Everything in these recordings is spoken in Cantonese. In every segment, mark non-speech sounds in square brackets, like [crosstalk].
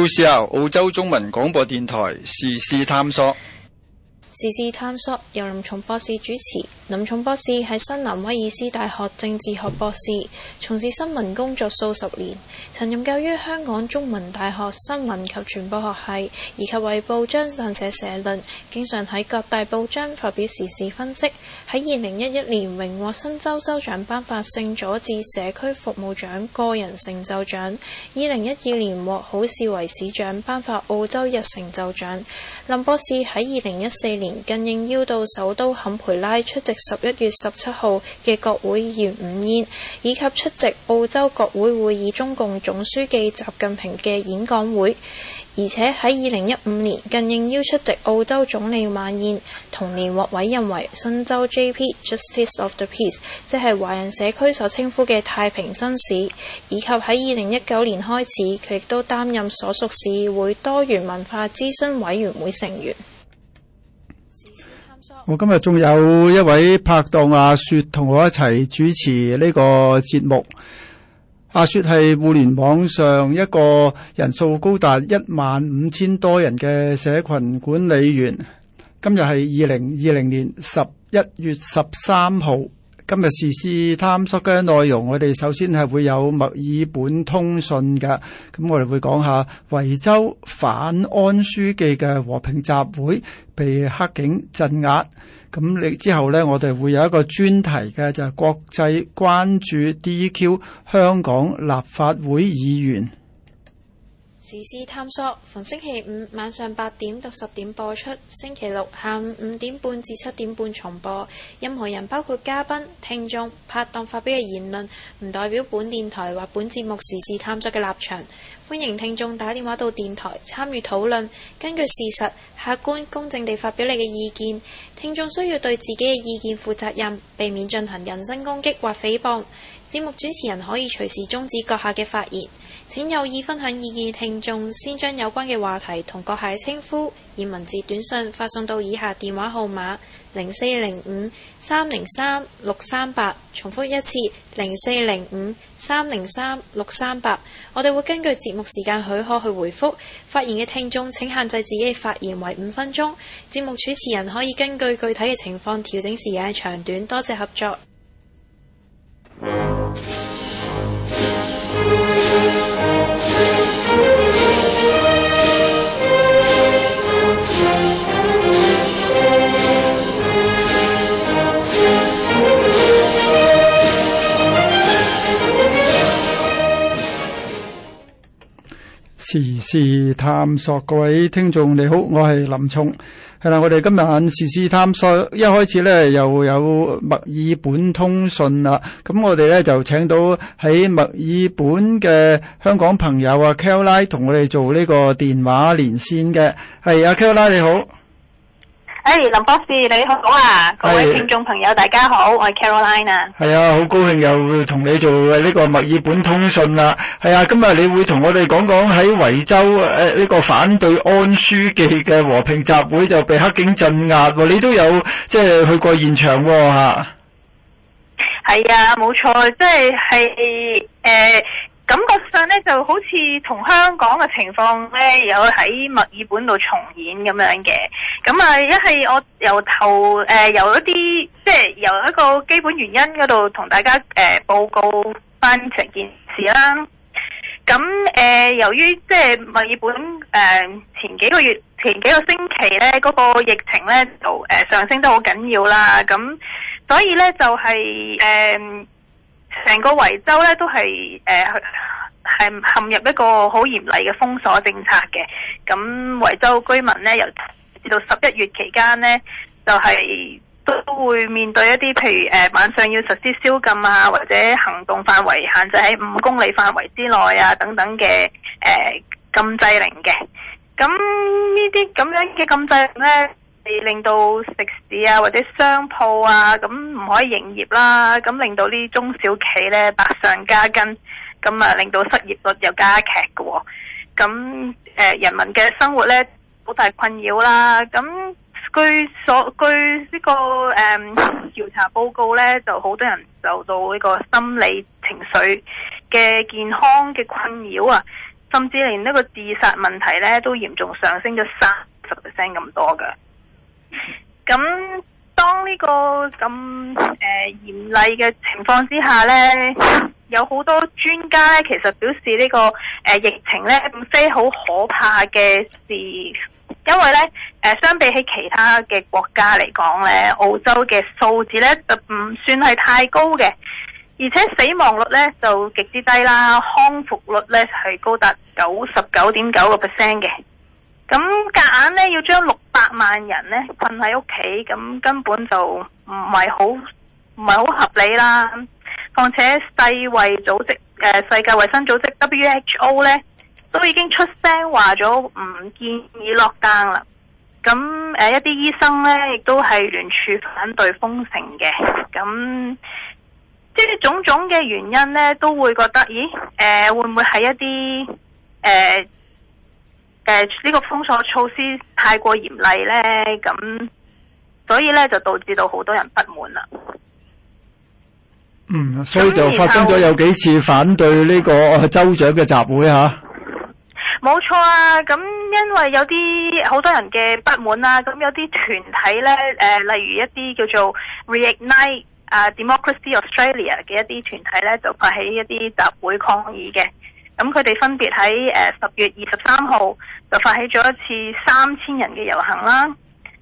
到時候，澳洲中文廣播電台時事探索。時事探索由林聰博士主持。林聰博士喺新南威爾斯大學政治學博士，從事新聞工作數十年，曾任教於香港中文大學新聞及傳播學系，以及為報章撰寫社論，經常喺各大報章發表時事分析。喺二零一一年榮獲新州州長頒發聖佐治社區服務獎個人成就獎，二零一二年獲好事為市長頒發澳洲日成就獎。林博士喺二零一四年。更應邀到首都坎培拉出席十一月十七號嘅國會議員午宴，以及出席澳洲國會會議。中共總書記習近平嘅演講會，而且喺二零一五年，更應邀出席澳洲總理晚宴。同年獲委任為新州 J.P. Justice of the Peace，即係華人社區所稱呼嘅太平紳士，以及喺二零一九年開始，佢亦都擔任所屬市議會多元文化諮詢委員會成員。我今日仲有一位拍檔阿雪同我一齊主持呢個節目。阿雪係互聯網上一個人數高達一萬五千多人嘅社群管理員。今日係二零二零年十一月十三號。今日時事探索嘅內容，我哋首先係會有墨爾本通訊嘅，咁我哋會講下維州反安書記嘅和平集會被黑警鎮壓。咁你之後咧，我哋會有一個專題嘅，就係國際關注 DQ 香港立法會議員。時事探索逢星期五晚上八點到十點播出，星期六下午五點半至七點半重播。任何人，包括嘉賓、聽眾、拍檔，發表嘅言論唔代表本電台或本節目時事探索嘅立場。歡迎聽眾打電話到電台參與討論，根據事實、客觀、公正地發表你嘅意見。聽眾需要對自己嘅意見負責任，避免進行人身攻擊或誹謗。節目主持人可以隨時終止閣下嘅發言。請有意分享意見聽眾，先將有關嘅話題同閣下嘅稱呼以文字短信發送到以下電話號碼：零四零五三零三六三八。重複一次：零四零五三零三六三八。我哋會根據節目時間許可去回覆發言嘅聽眾。請限制自己嘅發言為五分鐘。節目主持人可以根據具體嘅情況調整時間長短。多謝合作。 [music] 時事探索，各位聽眾你好，我係林聰，係啦，我哋今日時事探索，一開始咧又有墨爾本通訊啦，咁我哋咧就請到喺墨爾本嘅香港朋友啊 Kella 同我哋做呢個電話連線嘅，係啊 Kella 你好。誒，hey, 林博士你好啊！Hey. 各位聽眾朋友大家好，我係 Caroline 啊。係啊，好高興又同你做呢個墨爾本通訊啦。係啊，今日你會同我哋講講喺維州誒呢個反對安書記嘅和平集會就被黑警鎮壓，你都有即係、就是、去過現場喎吓。係啊，冇錯，即係係誒。感覺上咧就好似同香港嘅情況咧有喺墨爾本度重演咁樣嘅，咁啊一係我由頭誒、呃、由一啲即係由一個基本原因嗰度同大家誒、呃、報告翻成件事啦。咁誒、呃、由於即係墨爾本誒、呃、前幾個月前幾個星期咧嗰、那個疫情咧就誒上升得好緊要啦，咁所以咧就係、是、誒。呃成個維州咧都係誒，係、呃、陷入一個好嚴厲嘅封鎖政策嘅。咁維州居民咧，由至到十一月期間咧，就係、是、都會面對一啲譬如誒、呃、晚上要實施宵禁啊，或者行動範圍限制喺五公里範圍之內啊等等嘅誒、呃、禁制令嘅。咁呢啲咁樣嘅禁制令咧，係令到食肆啊或者商鋪啊咁唔可以營業啦，咁令到呢中小企咧百上加斤，咁啊令到失業率又加劇嘅、哦，咁誒、呃、人民嘅生活咧好大困擾啦。咁據所據呢、呢個誒、嗯、調查報告咧，就好多人受到呢個心理情緒嘅健康嘅困擾啊，甚至連呢個自殺問題咧都嚴重上升咗三十 percent 咁多嘅。咁當呢個咁誒嚴厲嘅情況之下呢，有好多專家咧，其實表示呢、這個誒、呃、疫情呢，唔非好可怕嘅事，因為呢，誒、呃、相比起其他嘅國家嚟講咧，澳洲嘅數字呢就唔算係太高嘅，而且死亡率呢就極之低啦，康復率呢係高達九十九點九個 percent 嘅。咁夾硬咧要將六百萬人咧困喺屋企，咁根本就唔係好唔係好合理啦。況且世衛組織誒、呃、世界衛生組織 WHO 咧都已經出聲話咗唔建議落單啦。咁誒、呃、一啲醫生咧亦都係聯署反對封城嘅。咁即係種種嘅原因咧，都會覺得咦誒、呃、會唔會係一啲誒？呃誒，呢個封鎖措施太過嚴厲咧，咁所以咧就導致到好多人不滿啦。嗯，所以就發生咗有幾次反對呢個州長嘅集會吓。冇后錯啊，咁因為有啲好多人嘅不滿啦，咁有啲團體咧，誒、呃，例如一啲叫做 Reignite、uh, Democracy Australia 嘅一啲團體咧，就發起一啲集會抗議嘅。咁佢哋分別喺誒十月二十三號就發起咗一次三千人嘅遊行啦、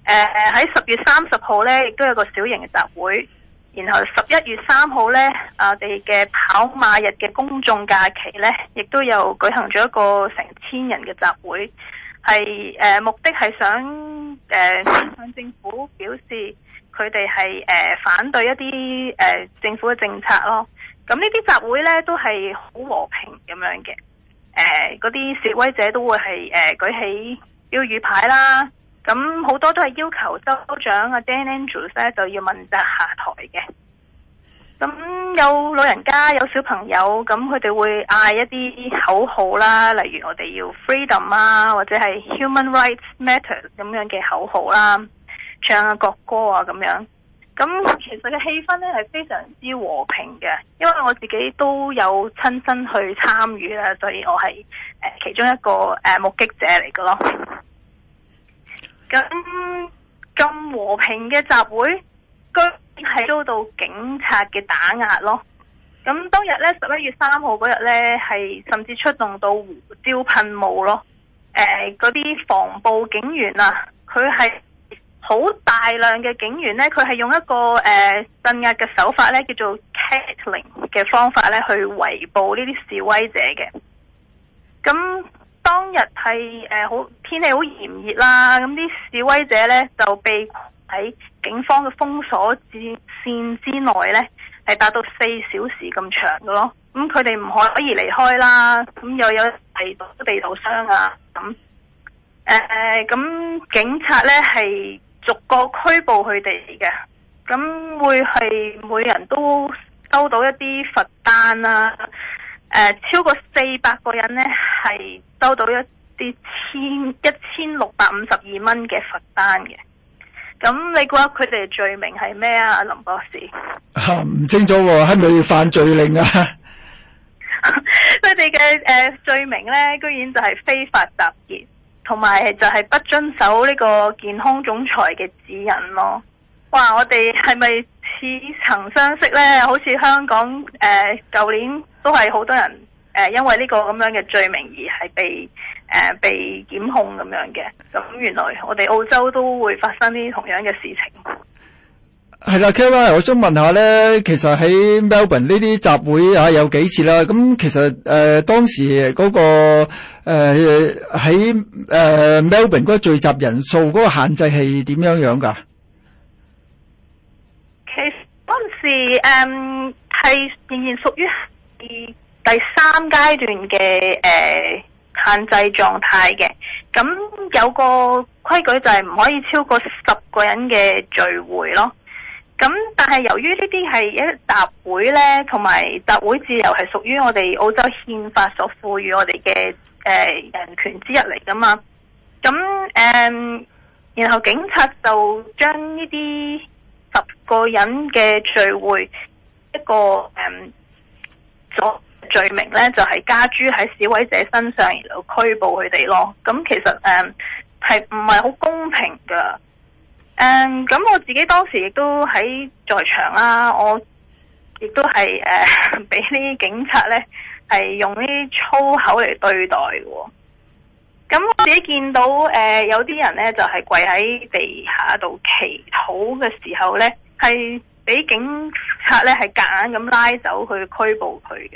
呃。誒喺十月三十號咧，亦都有個小型嘅集會。然後十一月三號咧，我哋嘅跑馬日嘅公眾假期咧，亦都有舉行咗一個成千人嘅集會，係誒、呃、目的係想誒、呃、向政府表示佢哋係誒反對一啲誒、呃、政府嘅政策咯。咁呢啲集會呢，都係好和平咁樣嘅，誒、呃，嗰啲示威者都會係誒、呃、舉起標語牌啦，咁、嗯、好多都係要求州長阿 Dan Andrews 呢就要問責下台嘅。咁、嗯、有老人家有小朋友，咁佢哋會嗌一啲口號啦，例如我哋要 freedom 啊，或者係 human rights matter 咁樣嘅口號啦，唱下、啊、國歌啊咁樣。咁其實嘅氣氛咧係非常之和平嘅，因為我自己都有親身去參與啦，所以我係誒其中一個誒目擊者嚟噶咯。咁咁和平嘅集會，居然係遭到警察嘅打壓咯。咁當日咧，十一月三號嗰日咧，係甚至出動到胡椒噴霧咯。誒、呃，嗰啲防暴警員啊，佢係。好大量嘅警員呢，佢係用一個誒鎮壓嘅手法呢叫做 kettling 嘅方法呢去圍捕呢啲示威者嘅。咁當日係誒好天氣好炎熱啦，咁啲示威者呢就被喺警方嘅封鎖線之內呢係達到四小時咁長嘅咯。咁佢哋唔可以離開啦。咁又有係倒地受傷啊。咁誒誒，咁、呃、警察呢係。逐個拘捕佢哋嘅，咁會係每人都收到一啲罰單啦、啊。誒、呃，超過四百個人呢係收到一啲千一千六百五十二蚊嘅罰單嘅。咁你估佢哋罪名係咩啊？林博士，唔、啊、清楚喎、啊，係咪要犯罪令啊？佢哋嘅誒罪名呢，居然就係非法集結。同埋就係不遵守呢個健康總裁嘅指引咯，哇！我哋係咪似曾相識呢？好似香港誒舊、呃、年都係好多人誒、呃、因為呢個咁樣嘅罪名而係被誒、呃、被檢控咁樣嘅，咁、嗯、原來我哋澳洲都會發生啲同樣嘅事情。係啦 Carla 我想問下咧，其實喺 Melbourne 呢啲集會啊有幾次啦？咁其實誒、呃，當時嗰、那個誒喺、呃、誒、呃、Melbourne 嗰個聚集人數嗰個限制係點樣樣噶？其實嗰陣時誒係、嗯、仍然屬於第三階段嘅誒、呃、限制狀態嘅。咁有個規矩就係唔可以超過十個人嘅聚會咯。咁，但係由於呢啲係一集會咧，同埋集會自由係屬於我哋澳洲憲法所賦予我哋嘅誒人權之一嚟噶嘛。咁、嗯、誒，然後警察就將呢啲十個人嘅聚會一個誒罪、嗯、罪名咧，就係加諸喺示威者身上，然後拘捕佢哋咯。咁、嗯、其實誒，係唔係好公平噶？誒，咁、嗯、我自己當時亦都喺在，在場啦、啊，我亦都係誒，俾、呃、啲警察咧係用啲粗口嚟對待嘅、哦。咁、嗯、我自己見到誒、呃，有啲人咧就係、是、跪喺地下度祈禱嘅時候咧，係俾警察咧係夾硬咁拉走去拘捕佢嘅。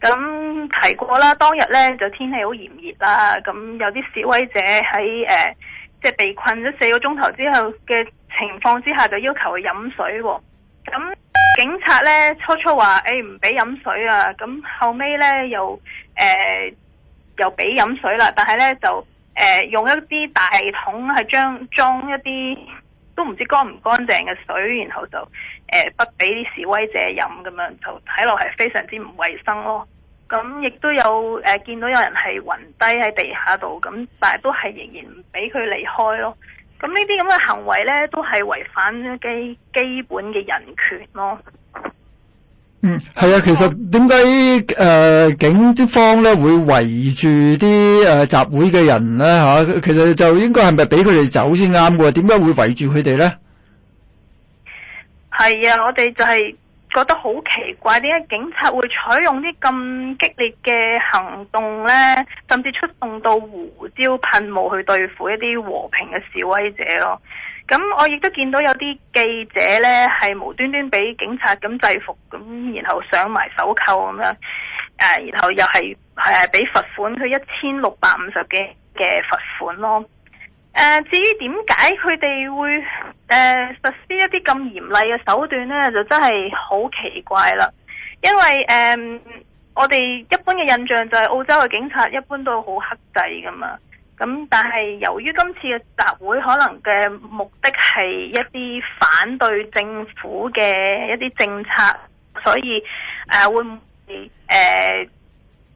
咁、嗯、提過啦，當日咧就天氣好炎熱啦，咁、嗯、有啲示威者喺誒。呃即係被困咗四個鐘頭之後嘅情況之下，就要求佢飲水喎、哦。咁、嗯、警察咧初初話誒唔俾飲水啊，咁、嗯、後尾咧又誒、呃、又俾飲水啦。但係咧就誒、呃、用一啲大桶係將裝一啲都唔知乾唔乾淨嘅水，然後就誒、呃、不俾啲示威者飲咁樣，就睇落係非常之唔衛生咯、哦。咁亦都有誒、呃、見到有人係暈低喺地下度，咁但係都係仍然唔俾佢離開咯。咁呢啲咁嘅行為咧，都係違反基基本嘅人權咯。嗯，係啊，其實點解誒警方咧會圍住啲誒、呃、集會嘅人咧吓、啊，其實就應該係咪俾佢哋走先啱嘅？點解會圍住佢哋咧？係啊，我哋就係、是。覺得好奇怪，點解警察會採用啲咁激烈嘅行動呢？甚至出動到胡椒噴霧去對付一啲和平嘅示威者咯。咁、嗯、我亦都見到有啲記者呢係無端端俾警察咁制服，咁然後上埋手扣咁樣，誒、呃，然後又係係俾罰款，佢一千六百五十幾嘅罰款咯。誒，至於點解佢哋會誒、呃、實施一啲咁嚴厲嘅手段咧，就真係好奇怪啦。因為誒、呃，我哋一般嘅印象就係澳洲嘅警察一般都好克制噶嘛。咁但係由於今次嘅集會可能嘅目的係一啲反對政府嘅一啲政策，所以誒、呃、會唔會、呃、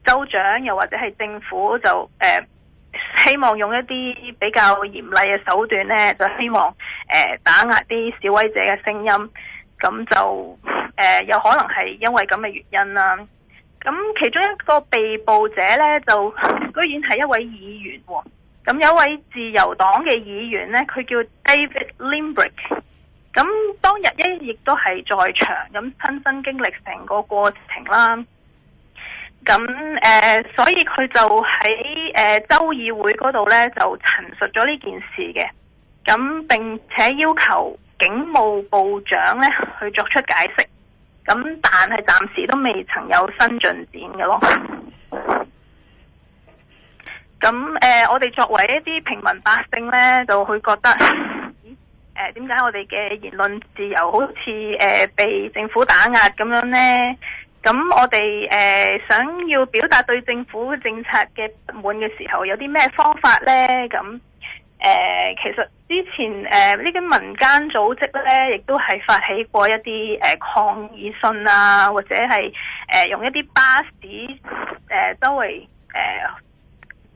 州長又或者係政府就誒。呃希望用一啲比較嚴厲嘅手段咧，就希望誒、呃、打壓啲示威者嘅聲音，咁就誒有、呃、可能係因為咁嘅原因啦。咁其中一個被捕者咧，就居然係一位議員，哦，咁有位自由黨嘅議員咧，佢叫 David Limbrick，咁當日一亦都係在場，咁親身經歷成個過程啦。咁誒、呃，所以佢就喺誒、呃、州議會嗰度咧，就陳述咗呢件事嘅。咁並且要求警務部長咧去作出解釋。咁但係暫時都未曾有新進展嘅咯。咁誒、呃，我哋作為一啲平民百姓咧，就會覺得咦，點解、呃、我哋嘅言論自由好似誒、呃、被政府打壓咁樣咧？咁我哋誒、呃、想要表達對政府政策嘅不滿嘅時候，有啲咩方法呢？咁誒、呃，其實之前誒呢啲民間組織咧，亦都係發起過一啲誒、呃、抗議信啊，或者係誒、呃、用一啲巴士誒、呃、周圍誒、呃、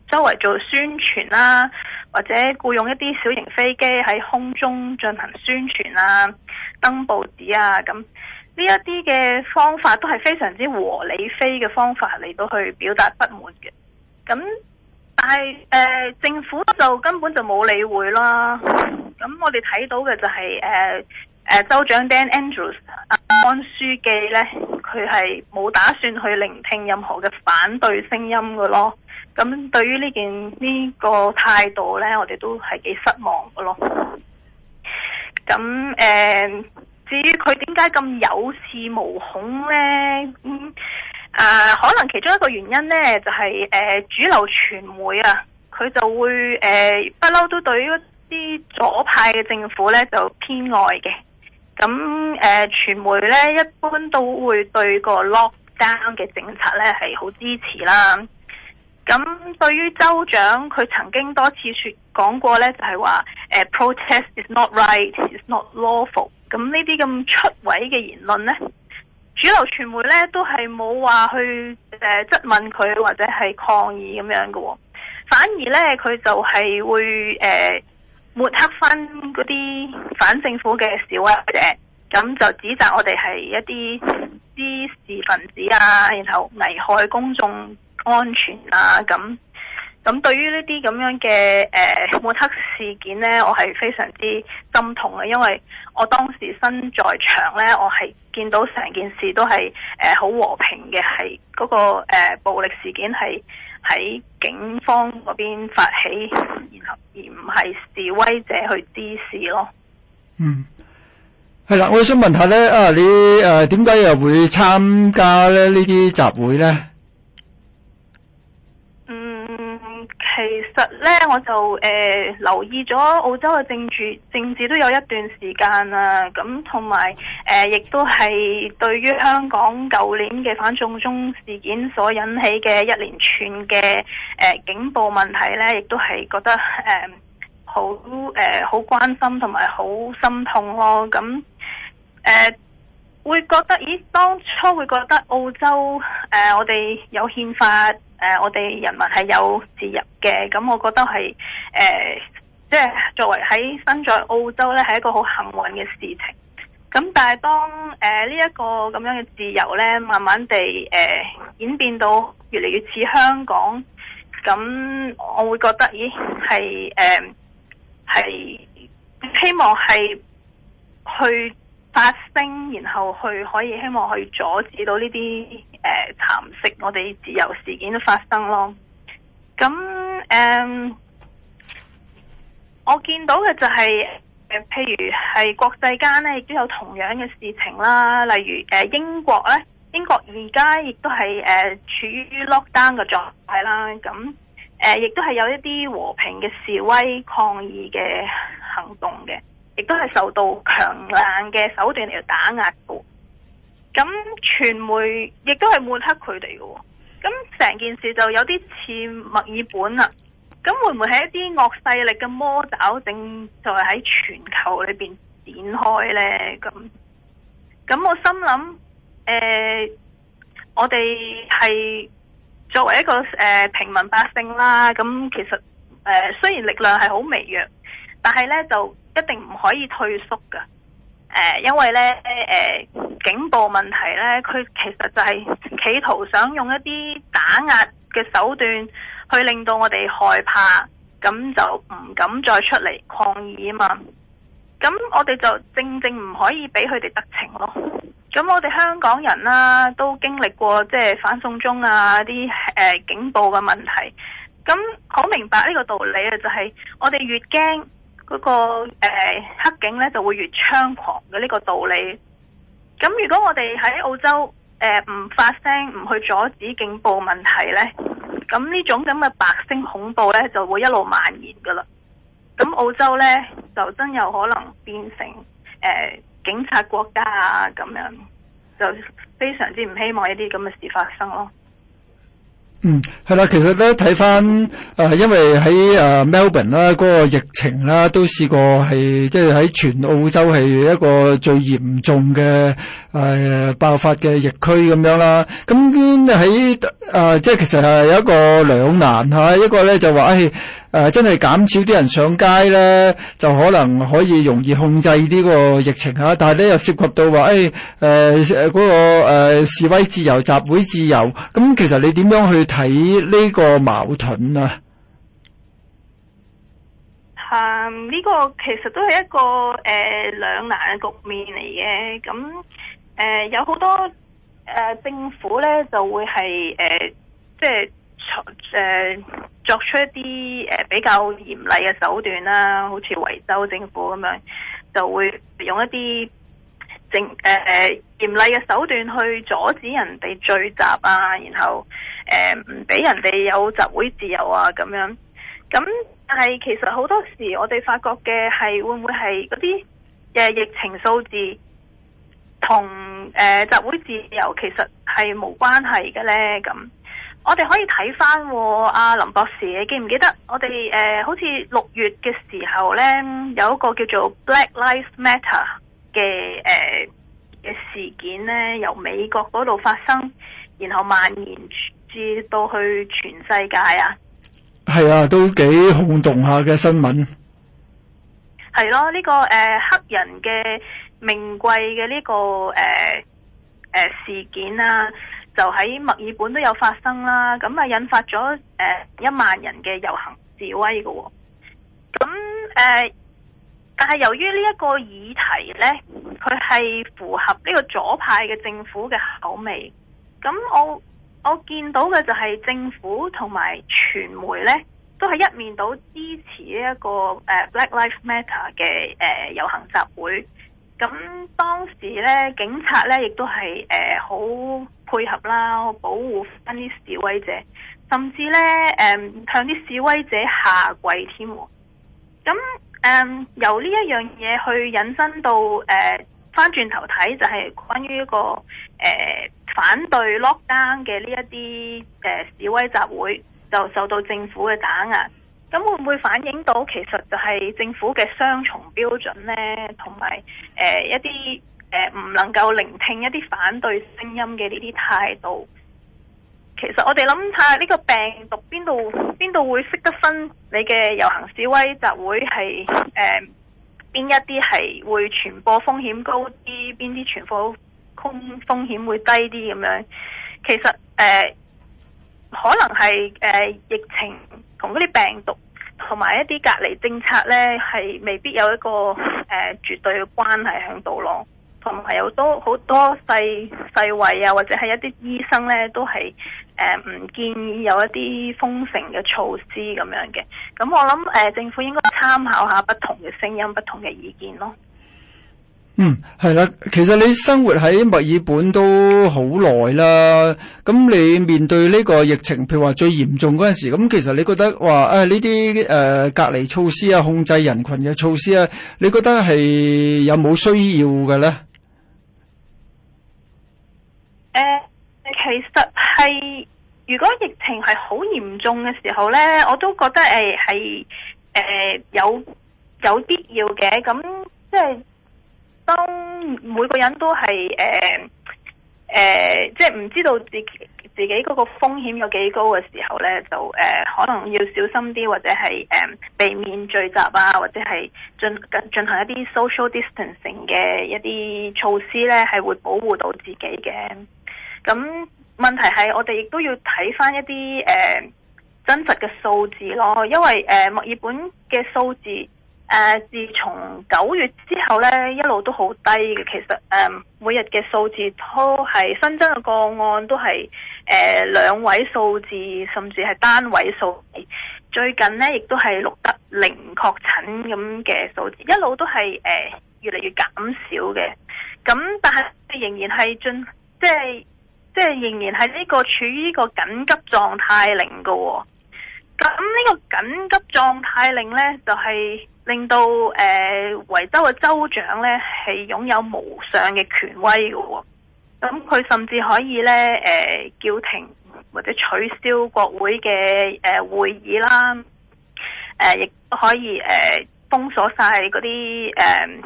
周圍做宣傳啦、啊，或者僱用一啲小型飛機喺空中進行宣傳啦、啊，登報紙啊咁。呢一啲嘅方法都係非常之和理非嘅方法嚟到去表達不滿嘅，咁但係誒、呃、政府就根本就冇理會啦。咁我哋睇到嘅就係誒誒州長 Dan Andrews 安書記呢，佢係冇打算去聆聽任何嘅反對聲音嘅咯。咁對於呢件呢個態度呢，我哋都係幾失望嘅咯。咁誒。呃至於佢點解咁有恃無恐呢？誒、嗯啊，可能其中一個原因呢，就係、是、誒、呃、主流傳媒啊，佢就會誒不嬲都對於一啲左派嘅政府呢就偏愛嘅。咁誒傳媒呢，一般都會對個 lockdown 嘅政策呢係好支持啦。咁對於州長，佢曾經多次說講過呢，就係話誒 protest is not right, is not lawful。咁呢啲咁出位嘅言論呢，主流傳媒呢都係冇話去誒質問佢或者係抗議咁樣嘅、哦，反而呢，佢就係會誒、呃、抹黑翻嗰啲反政府嘅小人物，咁就指責我哋係一啲滋事分子啊，然後危害公眾安全啊咁。咁對於呢啲咁樣嘅誒抹黑事件呢，我係非常之心痛嘅，因為我當時身在場呢，我係見到成件事都係誒好和平嘅，係嗰個誒暴力事件係喺警方嗰邊發起，然後而唔係示威者去滋事咯。嗯，係啦，我想問下呢，啊你誒點解又會參加咧呢啲集會呢？其實呢，我就誒、呃、留意咗澳洲嘅政治政治都有一段時間啦，咁同埋誒，亦、呃、都係對於香港舊年嘅反送中事件所引起嘅一連串嘅誒、呃、警暴問題呢，亦都係覺得誒、呃、好誒好、呃、關心同埋好心痛咯。咁、嗯、誒、呃、會覺得，咦，當初會覺得澳洲誒、呃，我哋有憲法。誒、呃，我哋人民係有自由嘅，咁我覺得係誒，即、呃、係、就是、作為喺身在澳洲咧，係一個好幸運嘅事情。咁但係當誒呢一個咁樣嘅自由咧，慢慢地誒、呃、演變到越嚟越似香港，咁我會覺得，咦、呃，係誒，係、呃、希望係去。發聲，然後去可以希望去阻止到呢啲誒蠶食我哋自由事件都發生咯。咁誒、呃，我見到嘅就係、是、誒，譬如係國際間咧，亦都有同樣嘅事情啦。例如誒英國咧，英國而家亦都係誒、呃、處於 lockdown 嘅狀態啦。咁誒，亦、呃、都係有一啲和平嘅示威抗議嘅行動嘅。亦都係受到強硬嘅手段嚟到打壓嘅，咁傳媒亦都係抹黑佢哋嘅，咁成件事就有啲似墨爾本啦。咁會唔會係一啲惡勢力嘅魔爪正在喺全球裏邊展開呢？咁咁我心諗，誒、呃，我哋係作為一個誒、呃、平民百姓啦，咁其實誒、呃、雖然力量係好微弱，但係呢就。一定唔可以退縮噶，誒、呃，因為咧，誒、呃，警暴問題咧，佢其實就係企圖想用一啲打壓嘅手段，去令到我哋害怕，咁就唔敢再出嚟抗議啊嘛。咁我哋就正正唔可以俾佢哋得逞咯。咁我哋香港人啦、啊，都經歷過即係反送中啊啲誒、呃、警暴嘅問題，咁好明白呢個道理啊，就係、是、我哋越驚。嗰、那個誒、呃、黑警咧就會越猖狂嘅呢、這個道理。咁如果我哋喺澳洲誒唔、呃、發聲唔去阻止警暴問題咧，咁呢種咁嘅白色恐怖咧就會一路蔓延噶啦。咁澳洲咧就真有可能變成誒、呃、警察國家啊，咁樣就非常之唔希望一啲咁嘅事發生咯。嗯，係啦，其實咧睇翻，誒、呃，因為喺誒 Melbourne 啦，嗰、呃嗰個疫情啦，都試過係即係喺全澳洲係一個最嚴重嘅誒、呃、爆發嘅疫區咁樣啦。咁喺誒，即係其實係有一個兩難吓，一個咧就話誒。哎誒、啊，真係減少啲人上街咧，就可能可以容易控制呢個疫情嚇、啊。但係咧又涉及到話，誒、哎，誒、呃，嗰、那個誒、呃、示威自由、集會自由，咁、嗯、其實你點樣去睇呢個矛盾啊？嚇、嗯，呢、這個其實都係一個誒兩、呃、難嘅局面嚟嘅。咁、嗯、誒、呃、有好多誒、呃、政府咧就會係誒、呃、即係誒。作出一啲誒比較嚴厲嘅手段啦，好似維州政府咁樣，就會用一啲政誒嚴厲嘅手段去阻止人哋聚集啊，然後誒唔俾人哋有集會自由啊咁樣。咁但係其實好多時我哋發覺嘅係會唔會係嗰啲誒疫情數字同誒、呃、集會自由其實係冇關係嘅咧？咁。我哋可以睇翻阿林博士，你記唔記得我哋誒、呃，好似六月嘅時候咧，有一個叫做 Black Lives Matter 嘅誒嘅事件咧，由美國嗰度發生，然後蔓延至到去全世界啊。係啊，都幾轟動下嘅新聞。係咯、啊，呢、這個誒、呃、黑人嘅名貴嘅呢個誒誒、呃呃、事件啊。就喺墨爾本都有發生啦，咁啊引發咗誒、呃、一萬人嘅遊行示威嘅、哦。咁誒、呃，但係由於呢一個議題呢，佢係符合呢個左派嘅政府嘅口味。咁我我見到嘅就係政府同埋傳媒呢，都係一面倒支持呢、這、一個誒、呃、Black Lives Matter 嘅誒遊行集會。咁當時呢，警察呢亦都係誒好。呃配合啦，保護翻啲示威者，甚至呢，誒、嗯、向啲示威者下跪添。咁、嗯、誒由呢一樣嘢去引申到誒翻轉頭睇，就係關於一個誒、呃、反對 lockdown 嘅呢一啲誒、呃、示威集會就受到政府嘅打壓。咁、嗯、會唔會反映到其實就係政府嘅雙重標準呢？同埋誒一啲。誒，唔、呃、能夠聆聽一啲反對聲音嘅呢啲態度，其實我哋諗下呢個病毒邊度邊度會識得分你嘅遊行示威集會係誒邊一啲係會傳播風險高啲，邊啲傳播空風險會低啲咁樣。其實誒、呃，可能係誒、呃、疫情同嗰啲病毒同埋一啲隔離政策咧，係未必有一個誒、呃、絕對嘅關係喺度咯。同埋有好多好多世、世衞啊，或者係一啲醫生咧，都係誒唔建議有一啲封城嘅措施咁樣嘅。咁我諗誒、呃，政府應該參考下不同嘅聲音、不同嘅意見咯。嗯，係啦，其實你生活喺墨爾本都好耐啦。咁你面對呢個疫情，譬如話最嚴重嗰陣時，咁其實你覺得話誒呢啲誒隔離措施啊、控制人群嘅措施啊，你覺得係有冇需要嘅咧？誒、呃，其實係如果疫情係好嚴重嘅時候呢，我都覺得誒係誒有有必要嘅。咁即係當每個人都係誒誒，即係唔知道自己自己嗰個風險有幾高嘅時候呢，就誒、呃、可能要小心啲，或者係誒、呃、避免聚集啊，或者係進進行一啲 social distancing 嘅一啲措施呢，係會保護到自己嘅。咁問題係我哋亦都要睇返一啲誒、呃、真實嘅數字咯，因為誒、呃、墨爾本嘅數字誒、呃、自從九月之後呢，一路都好低嘅，其實誒、呃、每日嘅數字都係新增嘅個案都係誒兩位數字，甚至係單位數字，最近呢，亦都係錄得零確診咁嘅數字，一路都係誒、呃、越嚟越減少嘅，咁但係仍然係進即係。即係仍然係呢個處於呢個緊急狀態令嘅，哦，咁呢個緊急狀態令呢，就係、是、令到誒、呃，維州嘅州長呢，係擁有無上嘅權威嘅，哦，咁佢甚至可以呢，誒、呃、叫停或者取消國會嘅誒、呃、會議啦，誒、呃、亦都可以誒、呃、封鎖晒嗰啲誒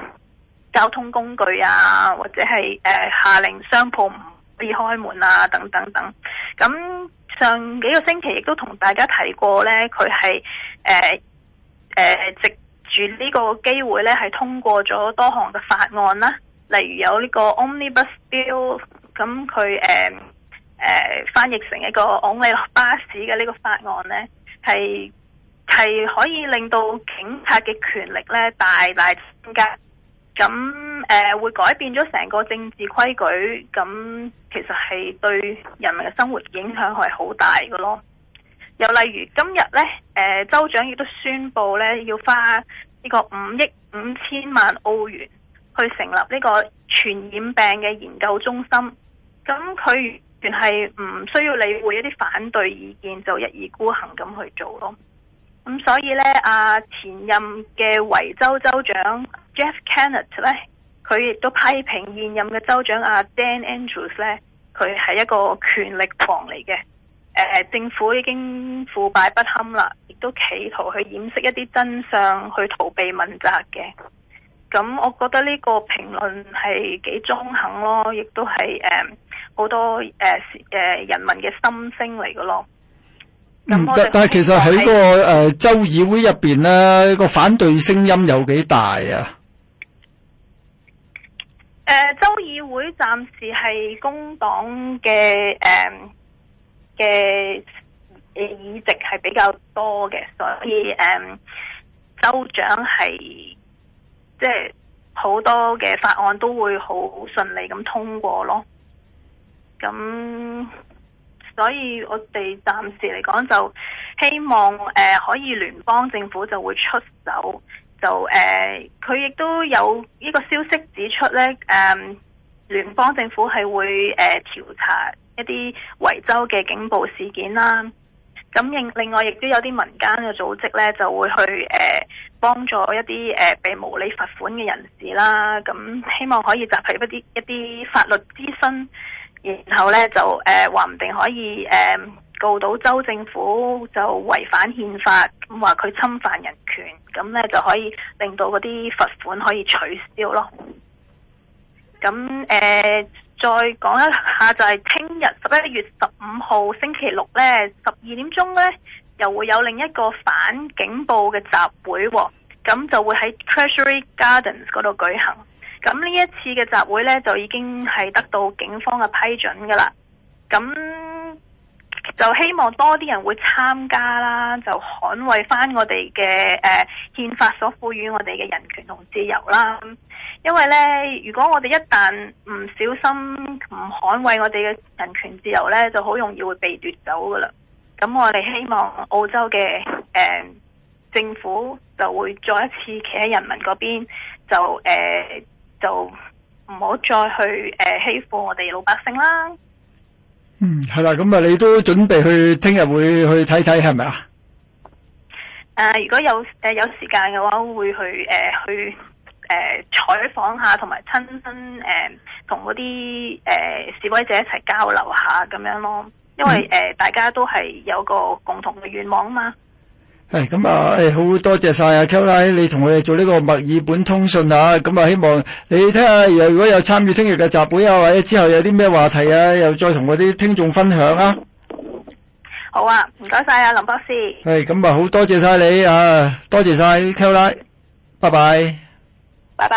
交通工具啊，或者係誒、呃、下令商鋪唔。可以開門啊，等等等。咁上幾個星期亦都同大家提過呢，佢係誒誒藉住呢個機會呢，係通過咗多項嘅法案啦。例如有呢個 Omnibus Bill，咁佢誒誒翻譯成一個 Only 巴士嘅呢個法案呢，係係可以令到警察嘅權力呢大大增加。咁誒、嗯、會改變咗成個政治規矩，咁、嗯、其實係對人民嘅生活影響係好大嘅咯。又例如今日呢，誒、呃、州長亦都宣布呢要花呢個五億五千萬澳元去成立呢個傳染病嘅研究中心。咁、嗯、佢原係唔需要理會一啲反對意見，就一意孤行咁去做咯。咁所以呢，啊，前任嘅維州州長 Jeff Kennett 呢，佢亦都批評現任嘅州長阿、啊、Dan Andrews 呢，佢係一個權力狂嚟嘅，政府已經腐敗不堪啦，亦都企圖去掩飾一啲真相，去逃避問責嘅。咁、嗯、我覺得呢個評論係幾中肯咯，亦都係誒好多誒誒、呃呃、人民嘅心聲嚟嘅咯。但但係其實喺個誒州議會入邊咧，個反對聲音有幾大啊？誒、呃，州議會暫時係工黨嘅誒嘅誒議席係比較多嘅，所以誒、呃、州長係即係好多嘅法案都會好順利咁通過咯。咁。所以我哋暫時嚟講就希望誒、呃、可以聯邦政府就會出手，就誒佢亦都有呢個消息指出咧，誒、呃、聯邦政府係會誒、呃、調查一啲維州嘅警暴事件啦。咁另另外亦都有啲民間嘅組織咧就會去誒、呃、幫助一啲誒、呃、被無理罰款嘅人士啦。咁希望可以集齊一啲一啲法律諮詢。然後咧就誒、話、呃、唔定可以誒、呃、告到州政府就違反憲法，話佢侵犯人權，咁咧就可以令到嗰啲罰款可以取消咯。咁誒、呃，再講一下就係聽日十一月十五號星期六咧十二點鐘咧，又會有另一個反警暴嘅集會，咁就會喺 Treasury Gardens 嗰度舉行。咁呢一次嘅集會呢，就已經係得到警方嘅批准噶啦。咁就希望多啲人會參加啦，就捍衛翻我哋嘅誒憲法所賦予我哋嘅人權同自由啦。因為呢，如果我哋一旦唔小心唔捍衛我哋嘅人權自由呢，就好容易會被奪走噶啦。咁我哋希望澳洲嘅、呃、政府就會再一次企喺人民嗰邊，就誒。呃就唔好再去誒欺負我哋老百姓啦。嗯，係啦，咁啊，你都準備去聽日會去睇睇係咪啊？誒、呃，如果有誒、呃、有時間嘅話，會去誒、呃、去誒採、呃呃、訪下，同埋親身誒同嗰啲誒示威者一齊交流下咁樣咯。因為誒、嗯呃、大家都係有個共同嘅願望啊嘛。係咁、哎哎、啊！係好多謝晒阿 Kola，你同我哋做呢個墨爾本通訊啊！咁啊，希望你睇下，如果有參與聽日嘅集會啊，或者之後有啲咩話題啊，又再同我啲聽眾分享啊！好啊，唔該晒啊，林博士。係咁啊，好、嗯、多謝晒你啊！多謝晒 Kola，拜拜。拜拜。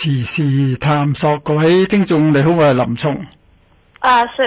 時事探索，各位聽眾你好，我係林聰。阿、啊、雪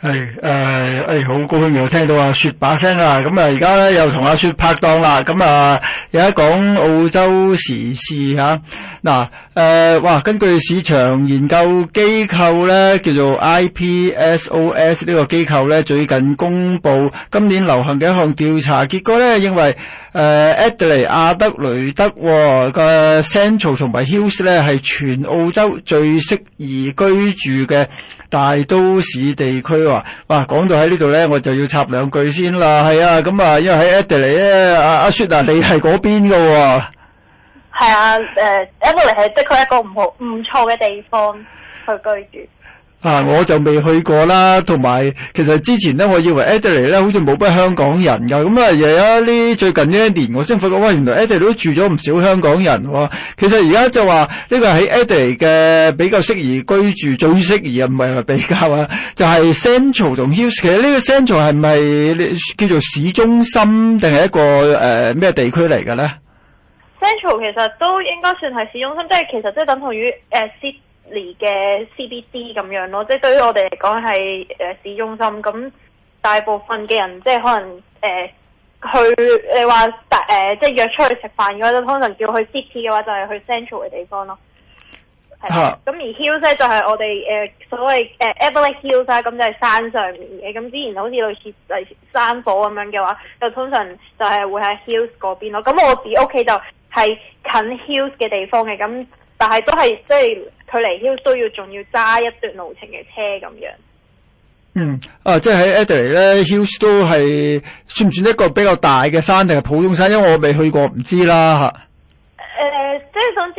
係誒，係、呃哎、好高興又聽到阿、啊、雪把聲啦。咁啊，而家咧又同阿雪拍檔啦。咁啊，有一講澳洲時事吓。嗱、啊、誒、呃，哇！根據市場研究機構咧叫做 I P S O S 呢個機構咧，最近公布今年流行嘅一項調查結果咧，認為，誒，阿德 e 阿德雷德嘅，uh, Central 同埋 Hills 咧，係全澳洲最適宜居住嘅大都市地區。哇！哇，講到喺呢度咧，我就要插兩句先啦。係啊，咁、嗯、啊，因為喺阿德雷咧，阿阿雪、呃 uh, 啊，你係嗰邊嘅。係啊，誒，阿德雷係的確一個唔好唔錯嘅地方去居住。啊！我就未去過啦，同埋其實之前咧，我以為 Adelaide 咧好似冇乜香港人噶，咁啊，而家呢最近呢一年，我先發覺，哇，原來 Adelaide 都住咗唔少香港人。哦、其實而家就話呢個喺 Adelaide 嘅比較適宜居住，最適宜啊，唔係比較啊，就係、是、Central 同 Hills。其實呢個 Central 係咪叫做市中心，定係一個誒咩、呃、地區嚟嘅咧？Central 其實都應該算係市中心，即係其實即係等同於誒市。呃嚟嘅 CBD 咁樣咯，即係對於我哋嚟講係誒市中心咁，大部分嘅人即係可能誒、呃、去你話誒、呃、即係約出去食飯嘅話，話，就通常叫去 city 嘅話，就係去 central 嘅地方咯。係咁、啊、而 hills 咧就係、是、我哋誒、呃、所謂誒 Adelaide、呃、hills 啊，咁、嗯、就係、是、山上面嘅。咁、嗯、之前好似類似誒山火咁樣嘅話，就通常就係會喺 hills 嗰邊咯。咁我自己屋企就係近 hills 嘅地方嘅咁。嗯。但係都係，即係佢離 hill 都要，仲要揸一段路程嘅車咁樣。嗯，啊，即係喺 Adelaide 咧，hill 都係算唔算一個比較大嘅山定係普通山？因為我未去過，唔知啦吓。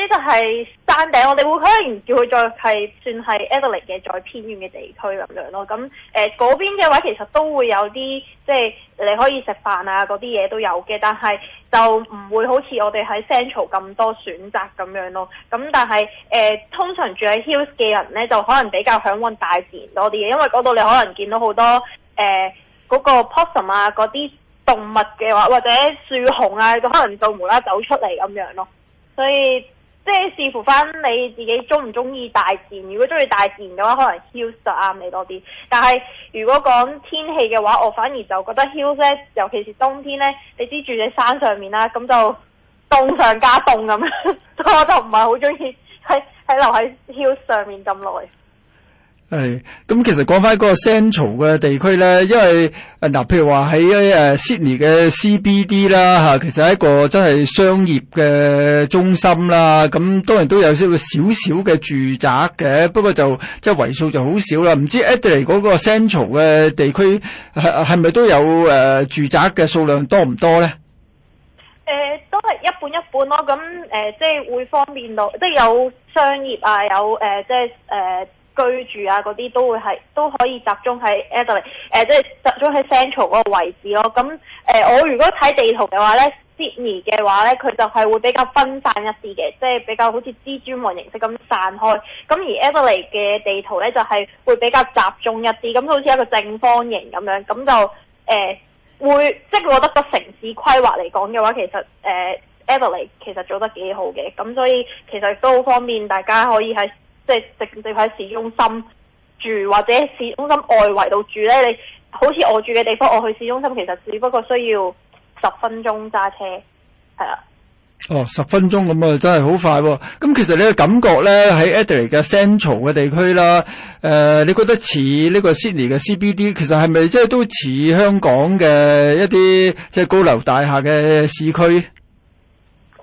即係山頂，我哋會可能叫佢再係算係 Eden 嘅再偏遠嘅地區咁樣咯。咁誒嗰邊嘅話，其實都會有啲即係你可以食飯啊嗰啲嘢都有嘅，但係就唔會好似我哋喺 Central 咁多選擇咁樣咯。咁、嗯、但係誒、呃、通常住喺 Hills 嘅人咧，就可能比較向往大自然多啲，因為嗰度你可能見到好多誒嗰、呃那個 possum 啊嗰啲動物嘅話，或者樹熊啊，可能就無啦啦走出嚟咁樣咯。所以即係視乎翻你自己中唔中意大自然。如果中意大自然嘅話，可能 Hills 就啱你多啲。但係如果講天氣嘅話，我反而就覺得 Hills 咧，尤其是冬天咧，你知住喺山上面啦，咁就凍上加凍咁樣，所以我就唔係好中意喺喺留喺 Hills 上面咁耐。係，咁、嗯、其實講翻嗰個 central 嘅地區咧，因為誒，嗱、呃，譬如話喺誒 Sydney 嘅 CBD 啦，吓、啊，其實係一個真係商業嘅中心啦。咁、嗯、當然都有少少嘅住宅嘅，不過就即係為數就好少啦。唔知 Adelaide 嗰個 central 嘅地區係係咪都有誒、呃、住宅嘅數量多唔多咧？誒、呃，都係一半一半咯。咁誒、呃，即係會方便到，即係有商業啊，有誒、呃，即係誒。呃居住啊嗰啲都會係都可以集中喺 Adelaide，誒即係集中喺 Central 嗰個位置咯。咁、哦、誒、呃，我如果睇地圖嘅話呢 Sydney 嘅話呢，佢就係會比較分散一啲嘅，即係比較好似蜘蛛網形式咁散開。咁、嗯、而 Adelaide 嘅地圖呢，就係、是、會比較集中一啲，咁、嗯、好似一個正方形咁樣。咁、嗯、就誒、呃、會，即係我覺得個城市規劃嚟講嘅話，其實誒 Adelaide 其實做得幾好嘅。咁、嗯、所以其實都好方便，大家可以喺，即係直直喺市中心住，或者市中心外圍度住咧，你好似我住嘅地方，我去市中心其實只不過需要十分鐘揸車，係啊。哦，十分鐘咁啊，真係好快、哦。咁、嗯、其實你嘅感覺咧，喺 Adelaide 嘅 Central 嘅地區啦，誒、呃，你覺得似呢個 Sydney 嘅 CBD？其實係咪即係都似香港嘅一啲即係高樓大廈嘅市區？誒、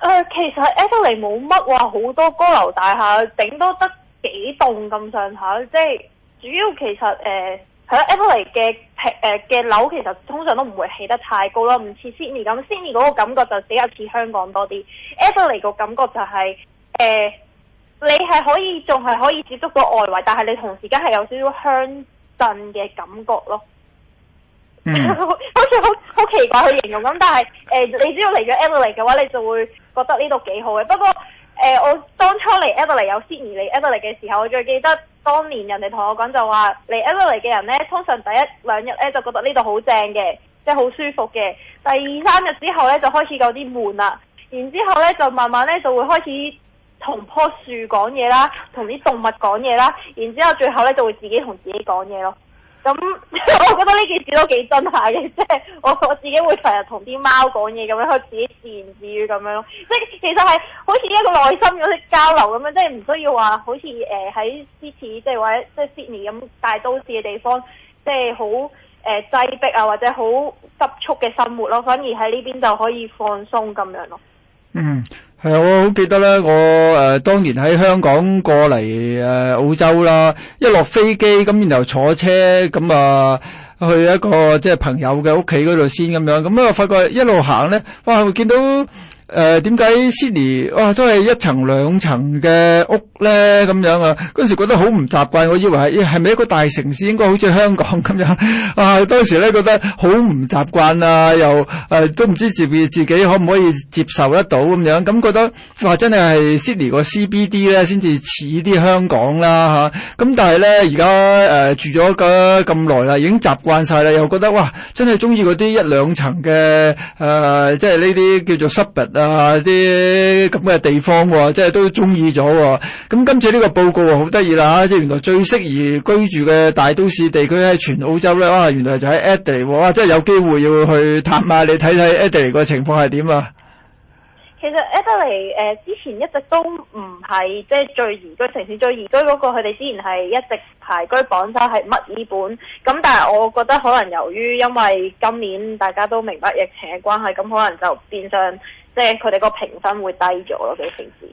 呃，其實 Adelaide 嚟，冇乜話好多高樓大廈，頂多得。幾凍咁上下，即係主要其實誒，喺 Adelaide 嘅平誒嘅樓其實通常都唔會起得太高咯，唔似 Sydney 咁，Sydney 嗰個感覺就比較似香港多啲，Adelaide 誒個感覺就係誒，你係可以仲係可以接觸到外圍，但係你同時間係有少少鄉鎮嘅感覺咯，好似好好奇怪去形容咁，但係誒、呃，你只要嚟咗 Adelaide 嘅話，你就會覺得呢度幾好嘅，不過。誒、呃，我當初嚟 Adelaide 有悉尼嚟 Adelaide 嘅時候，我最記得當年人哋同我講就話嚟 Adelaide 嘅人呢，通常第一兩日呢就覺得呢度好正嘅，即係好舒服嘅，第二三日之後呢，就開始有啲悶啦，然之後咧，就慢慢呢就會開始同棵樹講嘢啦，同啲動物講嘢啦，然之後最後呢，就會自己同自己講嘢咯。咁 [noise] 我覺得呢件事都幾真下嘅，即係我我自己會成日同啲貓講嘢咁樣，佢自己自言自語咁樣，即係其實係好似一個內心嗰啲交流咁樣，即係唔需要話好似誒喺 City 即係話即係 Sydney 咁大都市嘅地方，即係好誒擠迫啊或者好急促嘅生活咯、啊，反而喺呢邊就可以放鬆咁樣咯。嗯。係啊，我好記得咧，我誒當年喺香港過嚟誒澳洲啦，一落飛機咁，然後坐車咁啊去一個即係朋友嘅屋企嗰度先咁樣，咁啊我發覺一路行咧，哇會見到～誒，點解 Sydney 哇都係一層兩層嘅屋咧咁樣啊？嗰時覺得好唔習慣，我以為係係咪一個大城市應該好似香港咁樣啊？當時咧覺得好唔習慣啊，又誒、呃、都唔知自己，自己可唔可以接受得到咁樣，咁覺得哇真係 Sydney 個 CBD 咧先至似啲香港啦吓。咁、啊、但係咧而家誒住咗咁耐啦，已經習慣晒啦，又覺得哇真係中意嗰啲一兩層嘅誒、呃，即係呢啲叫做 suburb。啊！啲咁嘅地方，即、啊、係都中意咗。咁、啊、今次呢個報告好得意啦，即、啊、係原來最適宜居住嘅大都市地區喺全澳洲咧。哇、啊！原來就喺 Adelaide，、e、哇、啊！即係有機會要去探下，你睇睇 Adelaide 個情況係點啊？其實 Adelaide 誒，之前一直都唔係即係最宜居城市、最宜居嗰、那個。佢哋之前係一直排居榜首係墨爾本。咁但係我覺得可能由於因為今年大家都明白疫情嘅關係，咁可能就變相。即係佢哋個評分會低咗咯，啲成績。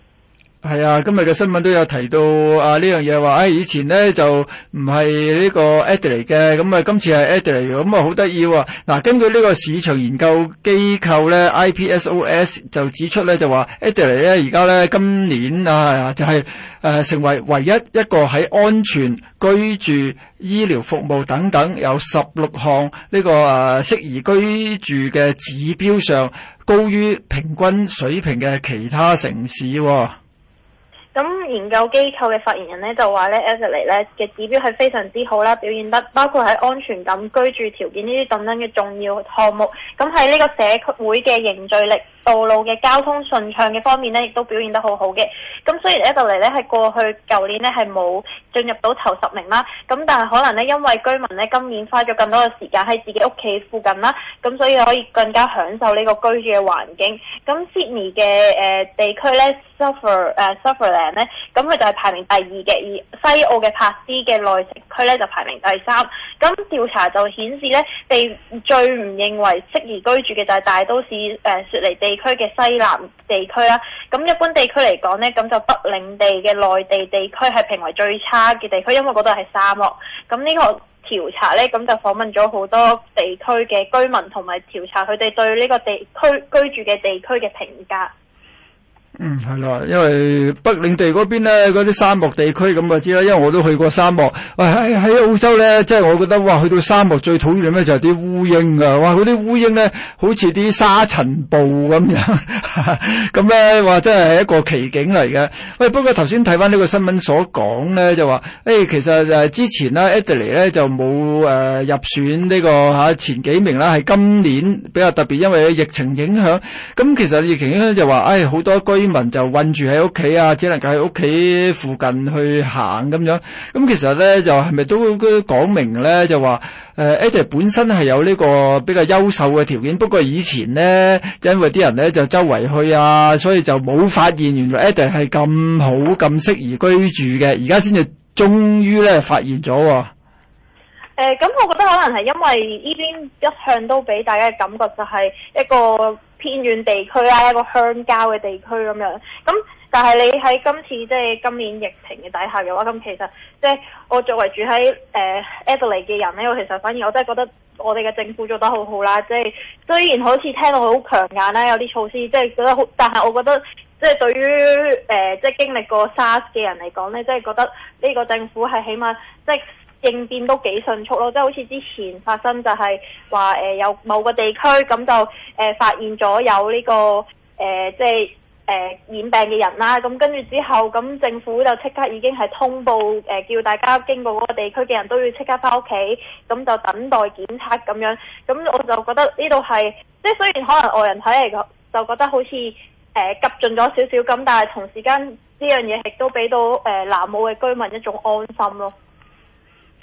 係 [noise] 啊，今日嘅新聞都有提到啊呢樣嘢，話啊以前咧就唔係呢個 Adelaide 嘅，咁、嗯、啊今次係 Adelaide，咁啊好得意喎。嗱、啊，根據呢個市場研究機構咧，Ipsos 就指出咧就話 Adelaide 咧而家咧今年啊就係、是、誒、呃、成為唯一一個喺安全居住、醫療服務等等有十六項呢個誒適、啊、宜居住嘅指標上，高於平均水平嘅其他城市，哦。咁研究機構嘅發言人咧就話咧，阿德雷德咧嘅指標係非常之好啦，表現得包括喺安全感、居住條件呢啲等等嘅重要項目。咁喺呢個社會嘅凝聚力、道路嘅交通順暢嘅方面咧，亦都表現得好好嘅。咁所以咧，阿德雷德咧係過去舊年咧係冇進入到頭十名啦。咁但係可能咧，因為居民咧今年花咗更多嘅時間喺自己屋企附近啦，咁所以可以更加享受呢個居住嘅環境。咁悉尼嘅誒地區咧。s u f 蘇弗誒，蘇弗蘭咧，咁佢就係排名第二嘅，而西澳嘅珀斯嘅內城區咧就排名第三。咁調查就顯示咧，地最唔認為適宜居住嘅就係大都市誒、呃，雪梨地區嘅西南地區啦、啊。咁一般地區嚟講咧，咁就北領地嘅內地地區係評為最差嘅地區，因為嗰度係沙漠。咁呢個調查咧，咁就訪問咗好多地區嘅居民，同埋調查佢哋對呢個地區居住嘅地區嘅評價。嗯，係啦，因為北領地嗰邊咧，嗰啲沙漠地區咁啊知啦，因為我都去過沙漠。喂喺喺澳洲咧，即係我覺得哇，去到沙漠最討厭咩就係啲烏蠅啊！哇，嗰啲烏蠅咧好似啲沙塵暴咁樣，咁咧話真係一個奇景嚟嘅。喂、哎，不過頭先睇翻呢個新聞所講咧，就話誒、哎，其實誒之前咧 Adelaide 咧就冇誒、呃、入選呢、這個吓、啊、前幾名啦，係今年比較特別，因為疫情影響。咁其實疫情影響就話，誒、哎、好、哎、多居居民就困住喺屋企啊，只能夠喺屋企附近去行咁樣。咁、嗯、其實咧就係咪都講明咧，就話誒 Edit 本身係有呢個比較優秀嘅條件。不過以前咧，就因為啲人咧就周圍去啊，所以就冇發現原來 Edit 係咁好咁適宜居住嘅。而家先至終於咧發現咗、啊。誒、呃，咁我覺得可能係因為呢邊一向都俾大家嘅感覺就係一個。偏遠地區啦，一個鄉郊嘅地區咁樣咁，但係你喺今次即係今年疫情嘅底下嘅話，咁其實即係我作為住喺誒、呃、Adelaide 嘅人咧，我其實反而我真係覺得我哋嘅政府做得好好啦。即係雖然好似聽到佢好強硬啦，有啲措施即係覺得好，但係我覺得即係對於誒、呃、即係經歷過 SARS 嘅人嚟講咧，即係覺得呢個政府係起碼即係。應變都幾迅速咯，即係好似之前發生就係話誒有某個地區咁就誒、呃、發現咗有呢、這個誒、呃、即係誒、呃、染病嘅人啦。咁跟住之後咁政府就即刻已經係通報誒、呃，叫大家經過嗰個地區嘅人都要即刻翻屋企，咁就等待檢測咁樣。咁我就覺得呢度係即係雖然可能外人睇嚟就覺得好似誒、呃、急進咗少少咁，但係同時間呢樣嘢亦都俾到誒、呃、南澳嘅居民一種安心咯。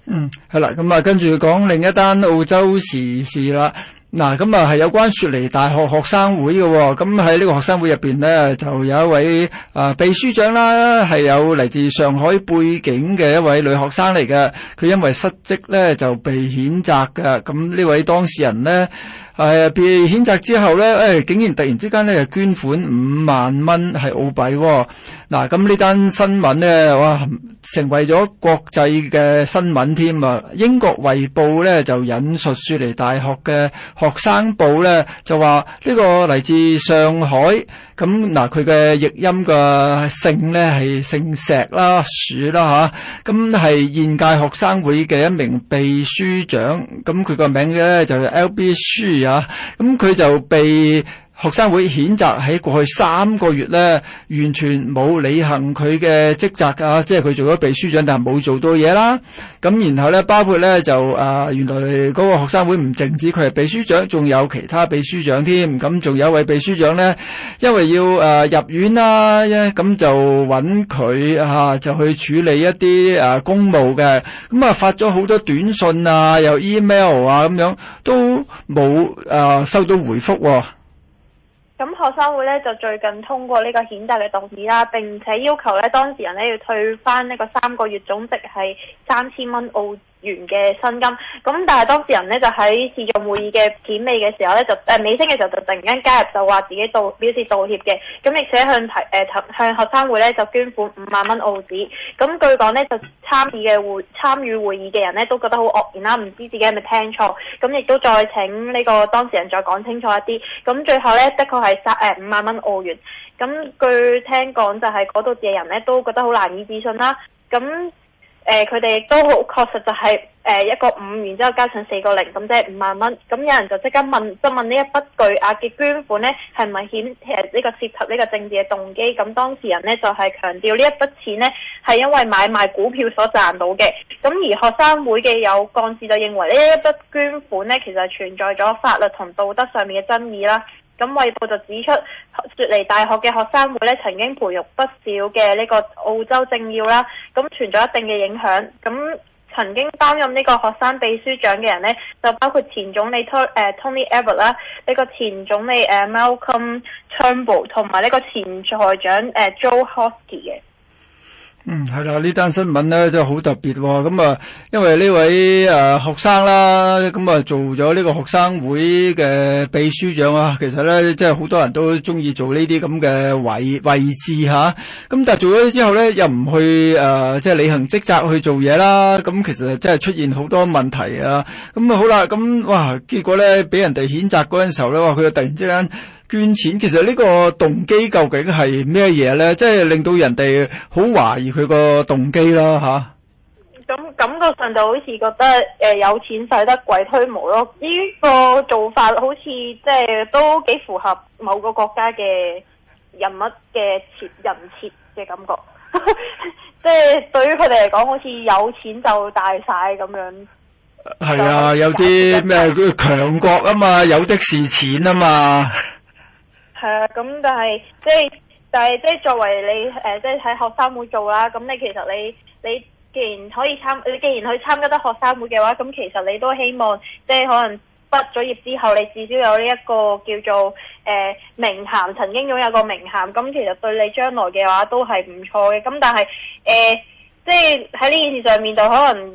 嗯，係啦，咁啊，跟住講另一單澳洲時事啦。嗱，咁啊係有關雪梨大學學生會噶、哦，咁喺呢個學生會入邊呢，就有一位啊、呃、秘書長啦，係有嚟自上海背景嘅一位女學生嚟嘅。佢因為失職呢，就被譴責噶，咁呢位當事人呢。誒被譴責之後咧，誒、哎、竟然突然之間咧就捐款五萬蚊係澳幣喎、哦。嗱、啊，咁呢單新聞咧，哇，成為咗國際嘅新聞添啊！英國衛報咧就引述雪梨大學嘅學生報咧，就話呢個嚟自上海，咁嗱佢嘅譯音嘅姓咧係姓石啦、鼠啦吓，咁係現屆學生會嘅一名秘書長，咁佢個名咧就係、是、L B C 啊。啊！咁佢、嗯、就被學生會譴責喺過去三個月呢，完全冇履行佢嘅職責啊！即係佢做咗秘書長，但係冇做到嘢啦。咁然後呢，包括呢，就啊，原來嗰個學生會唔淨止佢係秘書長，仲有其他秘書長添。咁仲有一位秘書長呢，因為要誒、啊、入院啦，咁、啊、就揾佢啊，就去處理一啲誒公務嘅。咁啊，發咗好多短信啊，又 email 啊，咁樣都冇誒、啊、收到回覆喎、啊。咁學生會咧就最近通過呢個譴責嘅動議啦，並且要求咧當事人咧要退翻呢個三個月總值係三千蚊澳元。元嘅薪金，咁但係當事人呢，就喺視像會議嘅片尾嘅時候呢，就誒、呃、尾聲嘅時候就突然間加入就話自己道表示道歉嘅，咁並且向提誒、呃、向學生會呢，就捐款五萬蚊澳紙，咁據講呢，就參與嘅會參與會議嘅人呢，都覺得好愕然啦，唔知自己係咪聽錯，咁亦都再請呢個當事人再講清楚一啲，咁最後呢，的確係三誒五萬蚊澳元，咁據聽講就係嗰度嘅人呢，都覺得好難以置信啦，咁。誒，佢哋都好確實就係誒一個五，呃、5, 然之後加上四個零，咁即係五萬蚊。咁有人就即刻問，質問呢一筆巨額嘅捐款咧，係咪顯誒呢個涉及呢個政治嘅動機？咁當事人咧就係強調呢一筆錢咧係因為買賣股票所賺到嘅。咁而學生會嘅有幹事就認為呢一筆捐款咧，其實存在咗法律同道德上面嘅爭議啦。咁衛報就指出，雪梨大學嘅學生會咧曾經培育不少嘅呢個澳洲政要啦，咁、嗯、存在一定嘅影響。咁、嗯、曾經擔任呢個學生秘書長嘅人咧，就包括前總理 Tony Abbott 啦、啊，呢、啊、個前總理誒 Malcolm Turnbull 同、啊、埋呢個前財長、啊、Joe Hockey 嘅。嗯，係啦，呢單新聞呢，真係好特別，哦，咁、嗯、啊，因為呢位誒、呃、學生啦，咁、嗯、啊做咗呢個學生會嘅秘書長啊，其實呢，即係好多人都中意做呢啲咁嘅位位置吓，啊，咁、嗯、但係做咗之後呢，又唔去誒即係履行職責去做嘢啦，咁、嗯、其實真係出現好多問題啊，咁、嗯、啊好啦，咁、嗯、哇結果呢，俾人哋譴責嗰陣時候呢，話佢就突然之間。捐錢，其實呢個動機究竟係咩嘢呢？即係令到人哋好懷疑佢個動機啦，吓、啊。咁感，感覺上就好似覺得誒、呃，有錢使得鬼推磨咯。呢、這個做法好似即係都幾符合某個國家嘅人物嘅切人設嘅感覺。即 [laughs] 係對於佢哋嚟講，好似有錢就大晒咁樣。係啊，有啲咩強國啊嘛，有的是錢啊嘛。係啊，咁但係即係，但係即係作為你誒，即係喺學生會做啦。咁、嗯、你其實你你既然可以參，你既然去參加得學生會嘅話，咁、嗯、其實你都希望即係可能畢咗業之後，你至少有呢一個叫做誒、呃、名銜，曾經擁有一個名銜，咁、嗯、其實對你將來嘅話都係唔錯嘅。咁、嗯、但係誒。呃即係喺呢件事上面就可能誒，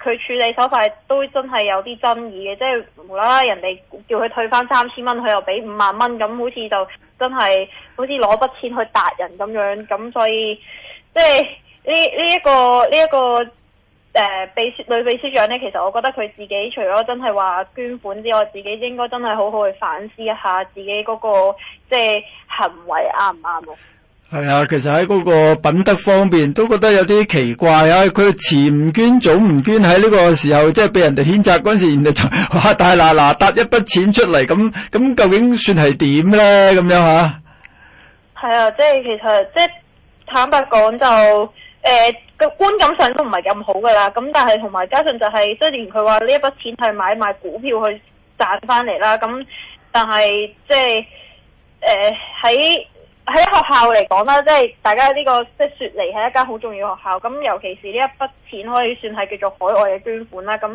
佢、呃、處理手法都真係有啲爭議嘅，即係無啦啦人哋叫佢退翻三千蚊，佢又畀五萬蚊，咁好似就真係好似攞筆錢去打人咁樣，咁所以即係呢呢一個呢一、呢一個誒、呃，秘書、呃、女秘書長呢，其實我覺得佢自己除咗真係話捐款之外，自己應該真係好好去反思一下自己嗰、嗰個即係行為啱唔啱係啊，其實喺嗰個品德方面，都覺得有啲奇怪啊！佢前唔捐，早唔捐，喺呢個時候即係俾人哋譴責嗰陣時人，人哋就哇！大嗱嗱搭一筆錢出嚟，咁、嗯、咁、嗯、究竟算係點咧？咁樣吓？係啊，即係其實即係坦白講就誒個、呃、觀感上都唔係咁好噶啦。咁但係同埋加上就係雖然佢話呢一筆錢係買賣股票去賺翻嚟啦，咁但係即係誒喺。呃喺學校嚟講啦，即係大家呢個即係雪梨係一間好重要學校，咁尤其是呢一筆錢可以算係叫做海外嘅捐款啦，咁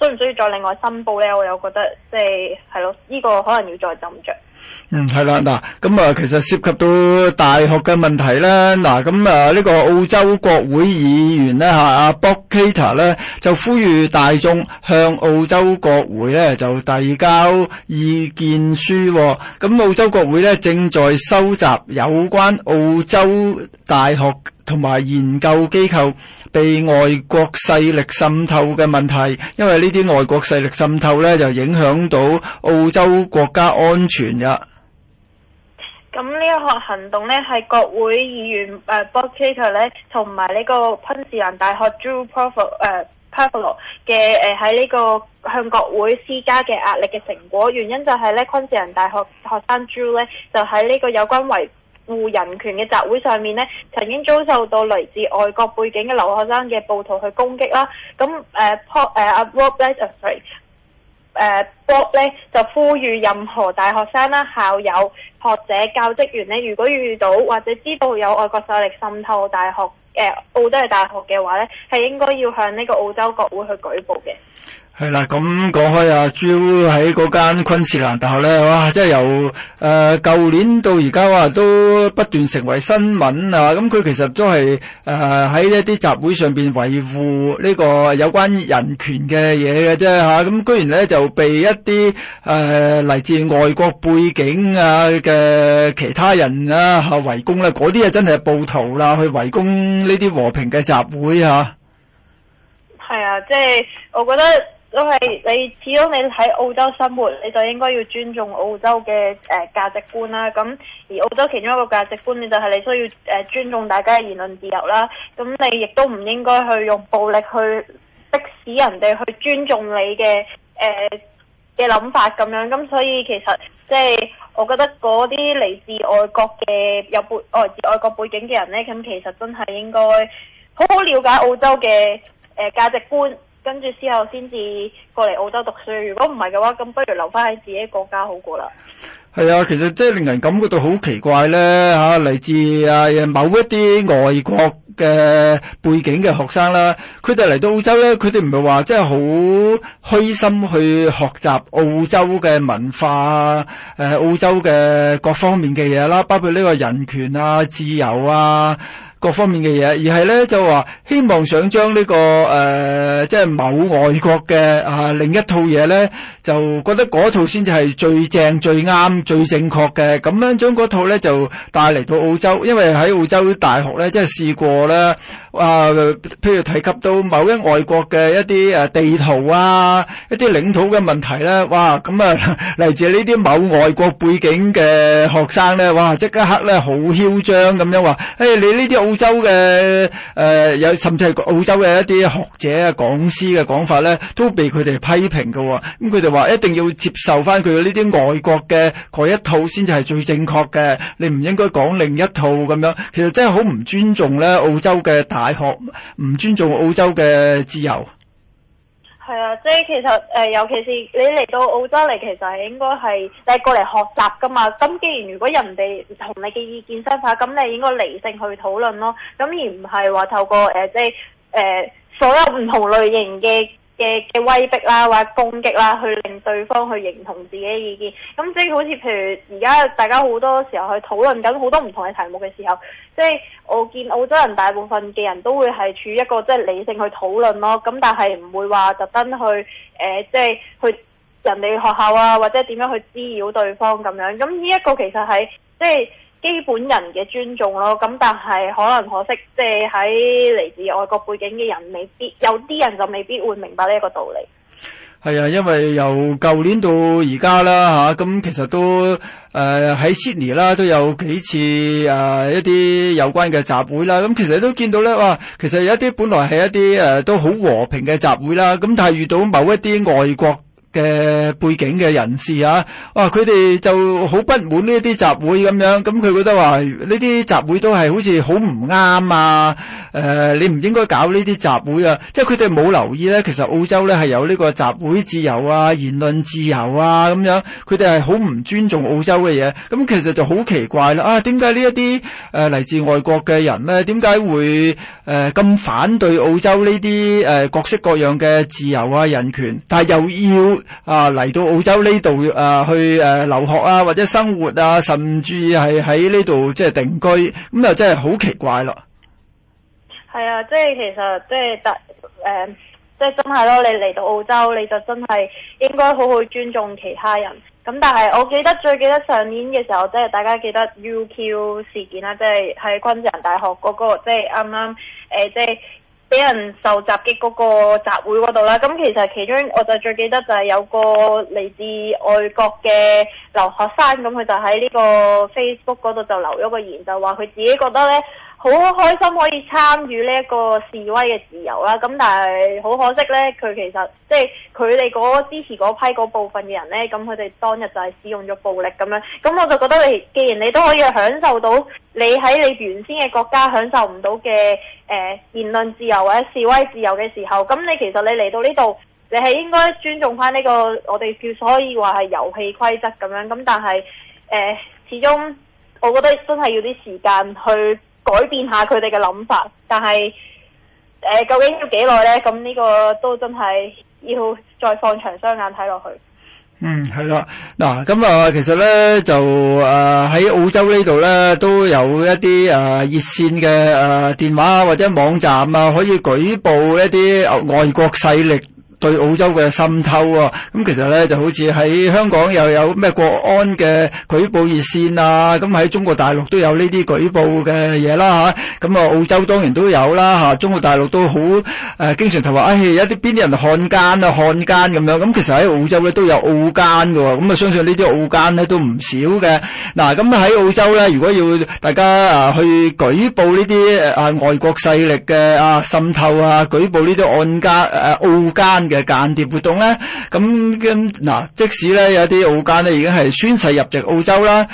需唔需要再另外申報呢？我又覺得即係係咯，呢個可能要再斟酌。嗯，係啦，嗱，咁啊，其實涉及到大學嘅問題啦，嗱，咁啊，呢、這個澳洲國會議員、啊啊、ita, 呢，吓，阿 Bob Katter 咧，就呼籲大眾向澳洲國會咧就遞交意見書，咁、哦、澳洲國會咧正在收集有關澳洲大學。同埋研究機構被外國勢力滲透嘅問題，因為呢啲外國勢力滲透呢，就影響到澳洲國家安全呀、啊。咁呢一項行動呢，係國會議員誒 Boskieter 咧，同埋呢個昆士蘭大學 Drew Prof 誒 Pavlou 嘅誒喺呢個向國會施加嘅壓力嘅成果。原因就係咧，昆士蘭大學學生 Drew 呢，就喺呢個有關維護人權嘅集會上面咧，曾經遭受到來自外國背景嘅留學生嘅暴徒去攻擊啦。咁誒，誒阿 Bob 咧，sorry，誒 Bob 咧就呼籲任何大學生啦、校友、學者、教職員呢，如果遇到或者知道有外國勢力滲透大學，誒澳洲大學嘅話呢，係應該要向呢個澳洲國會去舉報嘅。係啦，咁講開啊，朱喺嗰間昆士蘭大學咧，哇，即係由誒舊年到而家哇，都不斷成為新聞啊！咁佢其實都係誒喺一啲集會上邊維護呢個有關人權嘅嘢嘅啫吓，咁居然咧就被一啲誒嚟自外國背景啊嘅其他人啊吓圍攻啦，嗰啲啊真係暴徒啦，去圍攻呢啲和平嘅集會啊！係啊，即係我覺得。都係你，始終你喺澳洲生活，你就應該要尊重澳洲嘅誒、呃、價值觀啦。咁而澳洲其中一個價值觀，你就係你需要誒、呃、尊重大家嘅言論自由啦。咁、嗯、你亦都唔應該去用暴力去逼使人哋去尊重你嘅誒嘅諗法咁樣。咁、嗯、所以其實即係、就是、我覺得嗰啲嚟自外國嘅有背，來、啊、自外國背景嘅人呢，咁、嗯、其實真係應該好好了解澳洲嘅誒、呃、價值觀。跟住之後先至過嚟澳洲讀書，如果唔係嘅話，咁不如留翻喺自己國家好過啦。係啊，其實即係令人感覺到好奇怪咧嚇，嚟自啊某一啲外國嘅背景嘅學生啦，佢哋嚟到澳洲咧，佢哋唔係話即係好虛心去學習澳洲嘅文化，誒、啊、澳洲嘅各方面嘅嘢啦，包括呢個人權啊、自由啊。各方面嘅嘢，而係咧就話希望想將呢、呢個誒、呃、即係某外國嘅啊、呃、另一套嘢咧，就覺得嗰套先至係最正、最啱、最正確嘅，咁樣將嗰套咧就帶嚟到澳洲，因為喺澳洲大學咧即係試過咧啊、呃，譬如提及到某一外國嘅一啲誒地圖啊，一啲領土嘅問題咧，哇，咁啊嚟自呢啲某外國背景嘅學生咧，哇，即刻黑咧好囂張咁樣話誒你呢啲澳。澳洲嘅誒有甚至係澳洲嘅一啲學者啊、講師嘅講法咧，都被佢哋批評嘅、哦。咁佢哋話一定要接受返佢呢啲外國嘅嗰一套先至係最正確嘅，你唔應該講另一套咁樣。其實真係好唔尊重咧澳洲嘅大學，唔尊重澳洲嘅自由。係啊，即係其實誒、呃，尤其是你嚟到澳洲嚟，其實係應該係你過嚟學習㗎嘛。咁既然如果人哋同你嘅意見相反，咁你應該理性去討論咯。咁而唔係話透過誒、呃、即係誒、呃、所有唔同類型嘅，嘅嘅威逼啦，或者攻擊啦，去令對方去認同自己嘅意見。咁即係好似譬如而家大家好多時候去討論緊好多唔同嘅題目嘅時候，即係我見澳洲人大部分嘅人都會係處於一個即係理性去討論咯。咁但係唔會話特登去誒，即係去人哋學校啊，或者點樣去滋擾對方咁樣。咁呢一個其實係即係。基本人嘅尊重咯，咁但係可能可惜，即係喺嚟自外國背景嘅人未必有啲人就未必會明白呢一個道理。係啊，因為由舊年到而家啦吓，咁、啊、其實都誒喺 Sydney 啦都有幾次誒、呃、一啲有關嘅集會啦，咁、嗯、其實都見到咧，哇，其實有一啲本來係一啲誒、呃、都好和平嘅集會啦，咁但係遇到某一啲外國。嘅背景嘅人士啊，哇、啊！佢哋就好不滿呢啲集會咁樣，咁佢覺得話呢啲集會都係好似好唔啱啊！誒、呃，你唔應該搞呢啲集會啊！即係佢哋冇留意咧，其實澳洲咧係有呢個集會自由啊、言論自由啊咁樣，佢哋係好唔尊重澳洲嘅嘢。咁其實就好奇怪啦！啊，點解呢一啲誒嚟自外國嘅人咧，點解會誒咁、呃、反對澳洲呢啲誒各式各樣嘅自由啊人權？但係又要。啊嚟到澳洲呢度啊，去誒留學啊或者生活啊，甚至係喺呢度即係定居，咁又真係好奇怪咯。係啊，即係其實即係特誒，即係、嗯、真係咯。你嚟到澳洲，你就真係應該好好尊重其他人。咁但係我記得最記得上年嘅時候，即係大家記得 UQ 事件啦，即係喺昆士蘭大學嗰個，即係啱啱誒即係。俾人受襲擊嗰個集會嗰度啦，咁其實其中我就最記得就係有個嚟自外國嘅留學生，咁佢就喺呢個 Facebook 嗰度就留咗個言，就話佢自己覺得呢，好開心可以參與呢一個示威嘅自由啦、啊，咁但係好可惜呢，佢其實即係佢哋支持嗰批嗰部分嘅人呢。咁佢哋當日就係使用咗暴力咁樣，咁我就覺得你既然你都可以享受到你喺你原先嘅國家享受唔到嘅誒言論自由或者示威自由嘅時候，咁你其實你嚟到呢度，你係應該尊重翻呢、這個我哋叫所以話係遊戲規則咁樣，咁但係誒、呃、始終我覺得都係要啲時間去。改變下佢哋嘅諗法，但係誒、呃，究竟要幾耐咧？咁呢個都真係要再放長雙眼睇落去。嗯，係啦，嗱，咁啊，其實咧就誒喺、呃、澳洲呢度咧都有一啲誒熱線嘅誒、呃、電話或者網站啊，可以舉報一啲外國勢力。對澳洲嘅滲透啊，咁其實咧就好似喺香港又有咩國安嘅舉報熱線啊，咁喺中國大陸都有呢啲舉報嘅嘢啦嚇，咁啊，啊澳洲當然都有啦嚇、啊，中國大陸都好誒、呃、經常就話唉有啲邊啲人係漢奸啊漢奸，咁樣，咁、啊、其實喺澳洲咧都有澳奸嘅喎，咁啊相信呢啲澳奸咧都唔少嘅。嗱咁喺澳洲咧，如果要大家啊去舉報呢啲啊外國勢力嘅啊滲透啊，舉報呢啲漢奸誒、啊、澳奸。嘅間諜活動咧，咁咁嗱，即使咧有啲澳奸咧已經係宣誓入籍澳洲啦。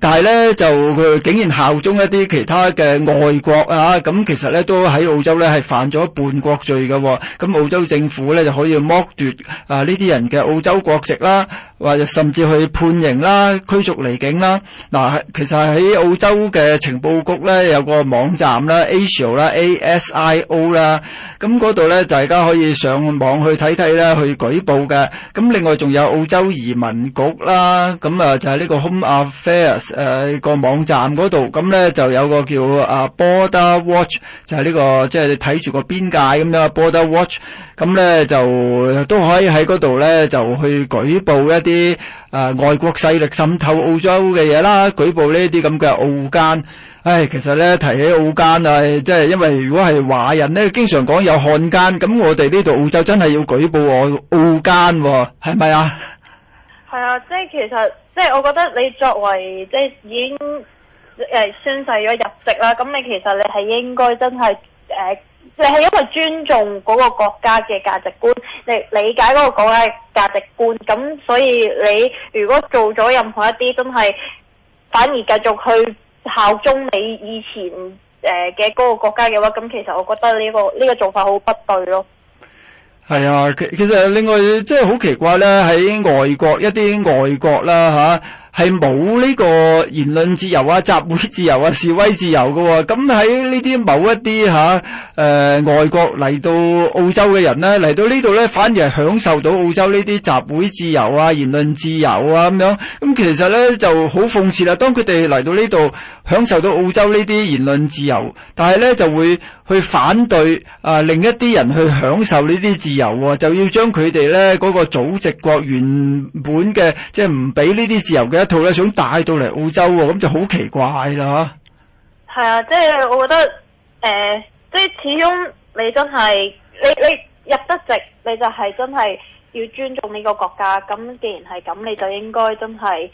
但係咧就佢竟然效忠一啲其他嘅外國啊，咁其實咧都喺澳洲咧係犯咗叛國罪嘅，咁澳洲政府咧就可以剝奪啊呢啲人嘅澳洲國籍啦，或者甚至去判刑啦、驅逐離境啦。嗱，其實喺澳洲嘅情報局咧有個網站啦，Asia 啦、A S I O 啦，咁嗰度咧大家可以上網去睇睇咧，去舉報嘅。咁另外仲有澳洲移民局啦，咁啊就係呢個 Home Affairs。誒、呃、個網站嗰度咁咧，就有個叫啊 Border Watch，就係呢個即係你睇住個邊界咁樣。Border Watch 咁咧就都可以喺嗰度咧就去舉報一啲誒、呃、外國勢力滲透澳洲嘅嘢啦，舉報呢啲咁嘅澳奸。唉，其實咧提起澳奸啊，即係因為如果係華人咧，經常講有漢奸，咁我哋呢度澳洲真係要舉報澳奸喎，係咪啊？係啊，即係其實，即係我覺得你作為即係已經誒宣誓咗入籍啦，咁你其實你係應該真係誒、呃，你係因為尊重嗰個國家嘅價值觀，你理解嗰個國家嘅價值觀，咁所以你如果做咗任何一啲真係反而繼續去效忠你以前誒嘅嗰個國家嘅話，咁其實我覺得呢個呢個做法好不對咯。係啊，其其實另外，即係好奇怪咧，喺外國一啲外國啦吓。啊係冇呢個言論自由啊、集會自由啊、示威自由嘅喎、哦。咁喺呢啲某一啲嚇誒外國嚟到澳洲嘅人呢，嚟到呢度呢，反而係享受到澳洲呢啲集會自由啊、言論自由啊咁樣。咁其實呢就好諷刺啦。當佢哋嚟到呢度享受到澳洲呢啲言論自由，但係呢就會去反對啊、呃、另一啲人去享受呢啲自由喎、哦，就要將佢哋呢嗰、那個祖籍國原本嘅即係唔俾呢啲自由嘅。一套咧想帶到嚟澳洲喎，咁就好奇怪啦吓。係啊，即係我覺得誒、呃，即係始終你真係你你入得籍，你就係真係要尊重呢個國家。咁既然係咁，你就應該真係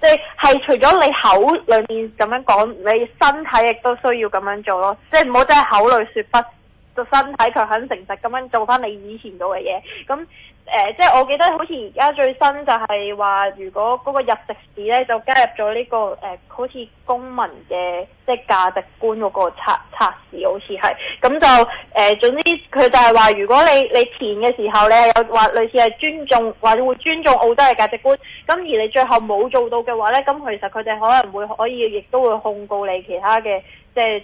即係，係除咗你口裏面咁樣講，你身體亦都需要咁樣做咯。即係唔好真係口裏說不，就身體卻肯誠實咁樣做翻你以前做嘅嘢咁。誒、呃，即係我記得好似而家最新就係話，如果嗰個入籍試咧，就加入咗呢、這個誒、呃，好似公民嘅即係價值觀嗰個測測試，好似係咁就誒、呃，總之佢就係話，如果你你填嘅時候咧有話類似係尊重，話會尊重澳洲嘅價值觀，咁而你最後冇做到嘅話咧，咁其實佢哋可能會可以亦都會控告你其他嘅即係誒，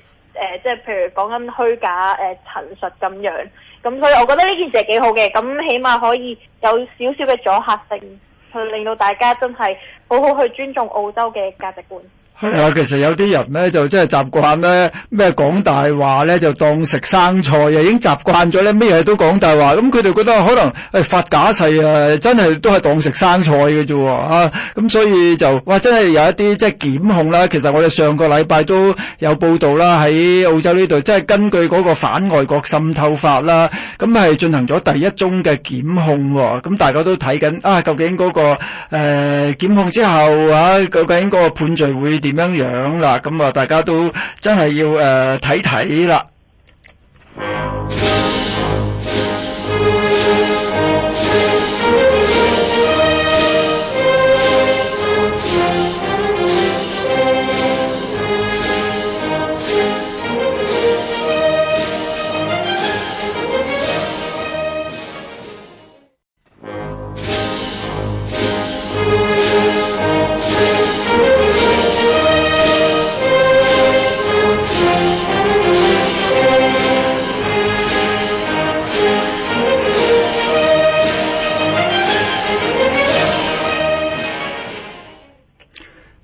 即係、呃、譬如講緊虛假誒陳、呃、述咁樣。咁所以，我覺得呢件事係幾好嘅，咁起碼可以有少少嘅阻嚇性，去令到大家真係好好去尊重澳洲嘅價值觀。係啊，其實有啲人呢，就真係習慣咧，咩講大話呢？就當食生菜啊，已經習慣咗咧，咩嘢都講大話，咁佢哋覺得可能誒、哎、發假誓啊，真係都係當食生菜嘅啫，啊，咁所以就哇真係有一啲即係檢控啦，其實我哋上個禮拜都有報道啦，喺澳洲呢度，即係根據嗰個反外國滲透法啦，咁係進行咗第一宗嘅檢控，咁大家都睇緊啊，究竟嗰、嗰個誒呃、檢控之後啊，究竟個判罪會？點樣樣啦？咁啊，大家都真係要誒睇睇啦。呃看看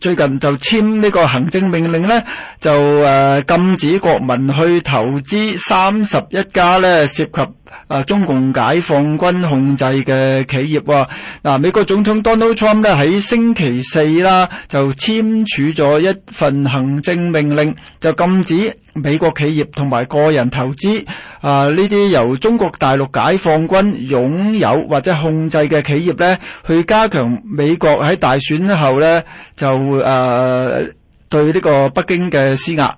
最近就簽呢個行政命令呢就誒、啊、禁止國民去投資三十一家呢涉及啊中共解放軍控制嘅企業，嗱、啊，美國總統 Donald Trump 呢喺星期四啦就簽署咗一份行政命令，就禁止。美國企業同埋個人投資，啊呢啲由中國大陸解放軍擁有或者控制嘅企業呢，去加強美國喺大選後呢就誒、呃、對呢個北京嘅施壓。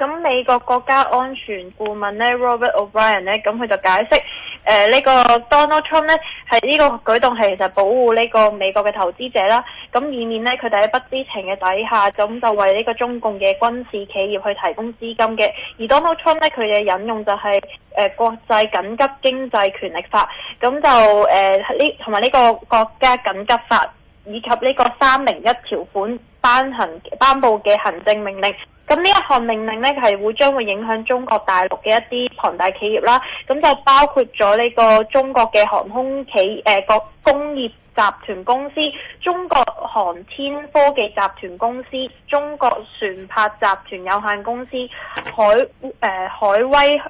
咁美國國家安全顧問咧 Robert O'Brien 咧，咁佢就解釋誒呢個 Donald Trump 咧係呢個舉動係其實保護呢個美國嘅投資者啦，咁以免咧佢哋喺不知情嘅底下，咁就為呢個中共嘅軍事企業去提供資金嘅。而 Donald Trump 咧佢哋引用就係誒國際緊急經濟權力法，咁就誒呢同埋呢個國家緊急法。以及呢個三零一條款頒行、頒布嘅行政命令，咁呢一項命令呢，係會將會影響中國大陸嘅一啲龐大企業啦，咁就包括咗呢個中國嘅航空企、誒、呃、國工業集團公司、中國航天科技集團公司、中國船舶集團有限公司、海誒、呃、海威、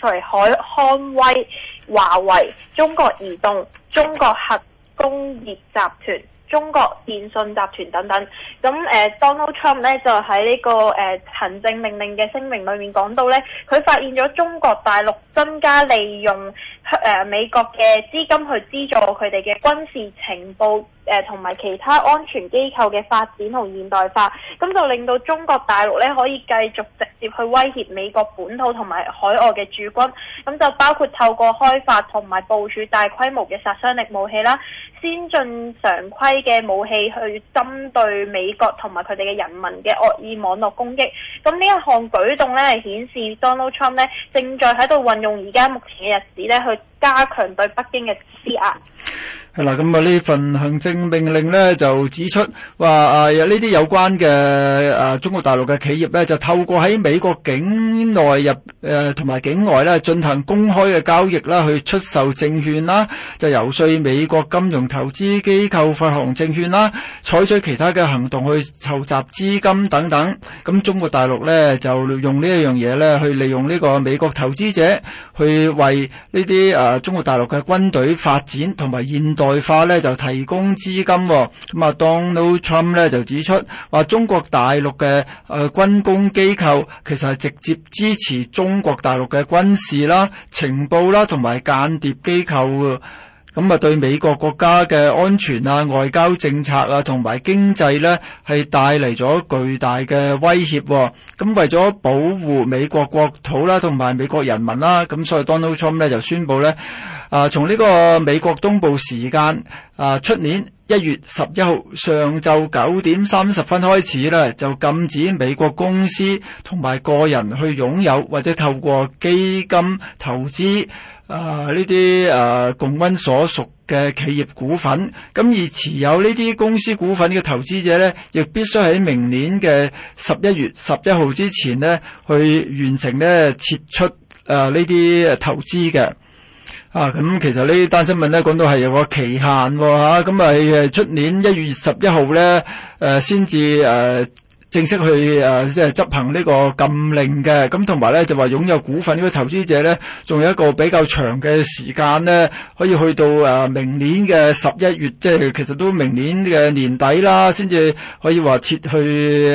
除海康威、華為、中國移動、中國核工業集團。中國電信集團等等，咁誒，Donald Trump 咧就喺呢個誒行政命令嘅聲明裏面講到咧，佢發現咗中國大陸增加利用。誒、呃、美國嘅資金去資助佢哋嘅軍事情報誒同埋其他安全機構嘅發展同現代化，咁就令到中國大陸咧可以繼續直接去威脅美國本土同埋海外嘅駐軍，咁就包括透過開發同埋部署大規模嘅殺傷力武器啦，先進常規嘅武器去針對美國同埋佢哋嘅人民嘅惡意網絡攻擊，咁呢一項舉動咧係顯示 Donald Trump 咧正在喺度運用而家目前嘅日子咧去。加強對北京嘅施壓。係啦，咁啊呢份行政命令呢就指出話啊呢啲有關嘅誒、啊、中國大陸嘅企業呢，就透過喺美國境內入誒同埋境外咧進行公開嘅交易啦，去出售證券啦、啊，就遊說美國金融投資機構發行證券啦、啊，採取其他嘅行動去籌集資金等等。咁、啊、中國大陸呢，就用一呢一樣嘢呢去利用呢個美國投資者去為呢啲誒中國大陸嘅軍隊發展同埋現。代化咧就提供資金喎、哦，咁啊，Donald Trump 咧就指出話中國大陸嘅誒、呃、軍工機構其實係直接支持中國大陸嘅軍事啦、情報啦同埋間諜機構㗎。咁啊，對美國國家嘅安全啊、外交政策啊同埋經濟呢，係帶嚟咗巨大嘅威脅、哦。咁、嗯、為咗保護美國國土啦、啊，同埋美國人民啦、啊，咁所以 Donald Trump 呢就宣布呢：啊，從呢個美國東部時間啊，出年一月十一號上晝九點三十分開始呢，就禁止美國公司同埋個人去擁有或者透過基金投資。啊！呢啲啊，共軍所屬嘅企業股份，咁、啊、而持有呢啲公司股份嘅投資者呢，亦必須喺明年嘅十一月十一號之前呢，去完成呢撤出啊呢啲投資嘅。啊，咁、啊、其實呢單新聞呢，講到係有個期限喎嚇，咁咪誒出年一月十一號呢，誒先至誒。正式去誒即係執行呢個禁令嘅，咁同埋咧就話擁有股份呢個投資者咧，仲有一個比較長嘅時間咧，可以去到誒明年嘅十一月，即係其實都明年嘅年底啦，先至可以話撤去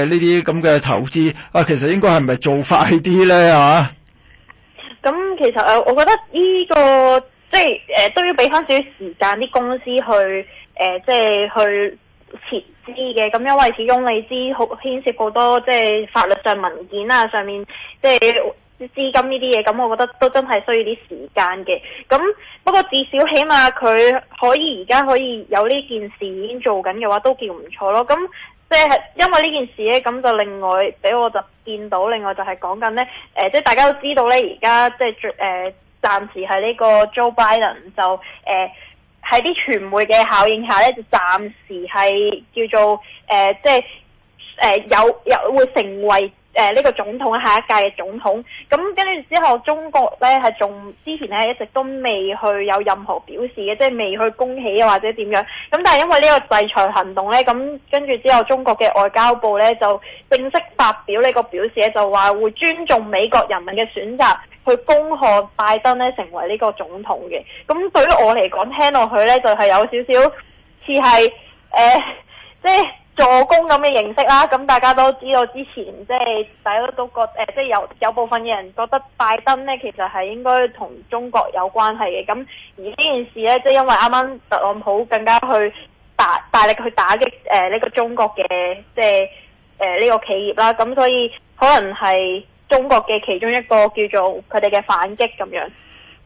呢啲咁嘅投資。啊，其實應該係咪做快啲咧嚇？咁其實誒，我覺得呢個即係誒都要俾翻少少時間啲公司去誒，即係去。撤資嘅，咁因為始終你知好牽涉好多即係法律上文件啊，上面即係資金呢啲嘢，咁我覺得都真係需要啲時間嘅。咁不過至少起碼佢可以而家可以有呢件事已經做緊嘅話，都叫唔錯咯。咁即係因為呢件事咧，咁就另外俾我就見到，另外就係講緊呢，誒、呃、即係大家都知道呢，而家即係最誒暫時係呢個 Joe Biden 就誒。呃喺啲傳媒嘅效應下咧，就暫時係叫做誒、呃，即係誒、呃、有有會成為誒呢、呃呢個總統下一屆嘅總統。咁跟住之後，中國咧係仲之前咧一直都未去有任何表示嘅，即係未去恭喜或者點樣。咁但係因為呢個制裁行動咧，咁跟住之後，中國嘅外交部咧就正式發表呢個表示咧，就話會尊重美國人民嘅選擇。去恭賀拜登咧成為呢個總統嘅，咁對於我嚟講聽落去咧就係、是、有少少似係誒，即係助攻咁嘅形式啦。咁、嗯、大家都知道之前即係大家都覺誒，即係、呃、有有部分嘅人覺得拜登咧其實係應該同中國有關係嘅。咁、嗯、而呢件事咧，即係因為啱啱特朗普更加去大大力去打擊誒呢個中國嘅即係誒呢個企業啦。咁、嗯、所以可能係。中國嘅其中一個叫做“佢哋嘅反擊”咁樣。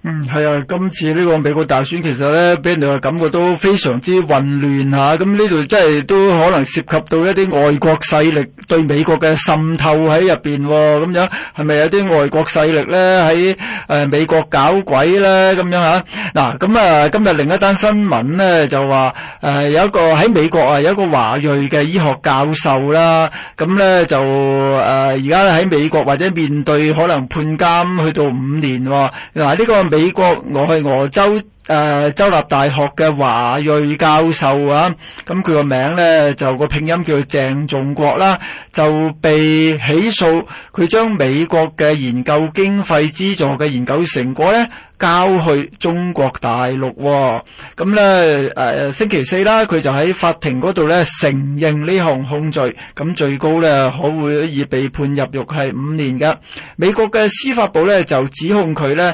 嗯，係啊，今次呢個美國大選其實咧，俾人哋嘅感覺都非常之混亂吓，咁呢度真係都可能涉及到一啲外國勢力對美國嘅滲透喺入邊，咁樣係咪有啲外國勢力咧喺誒美國搞鬼咧？咁樣吓，嗱，咁啊，今日另一單新聞咧就話誒有一個喺美國啊，有一個華裔嘅醫學教授啦，咁咧就誒而家喺美國或者面對可能判監去到五年，嗱呢個。美國，俄亥俄州誒、呃、州立大學嘅華裔教授啊，咁佢個名咧就個拼音叫做鄭仲國啦、啊，就被起訴，佢將美國嘅研究經費資助嘅研究成果咧交去中國大陸喎，咁咧誒星期四啦，佢就喺法庭嗰度咧承認呢項控罪，咁、啊、最高咧可會以被判入獄係五年嘅。美國嘅司法部咧就指控佢咧。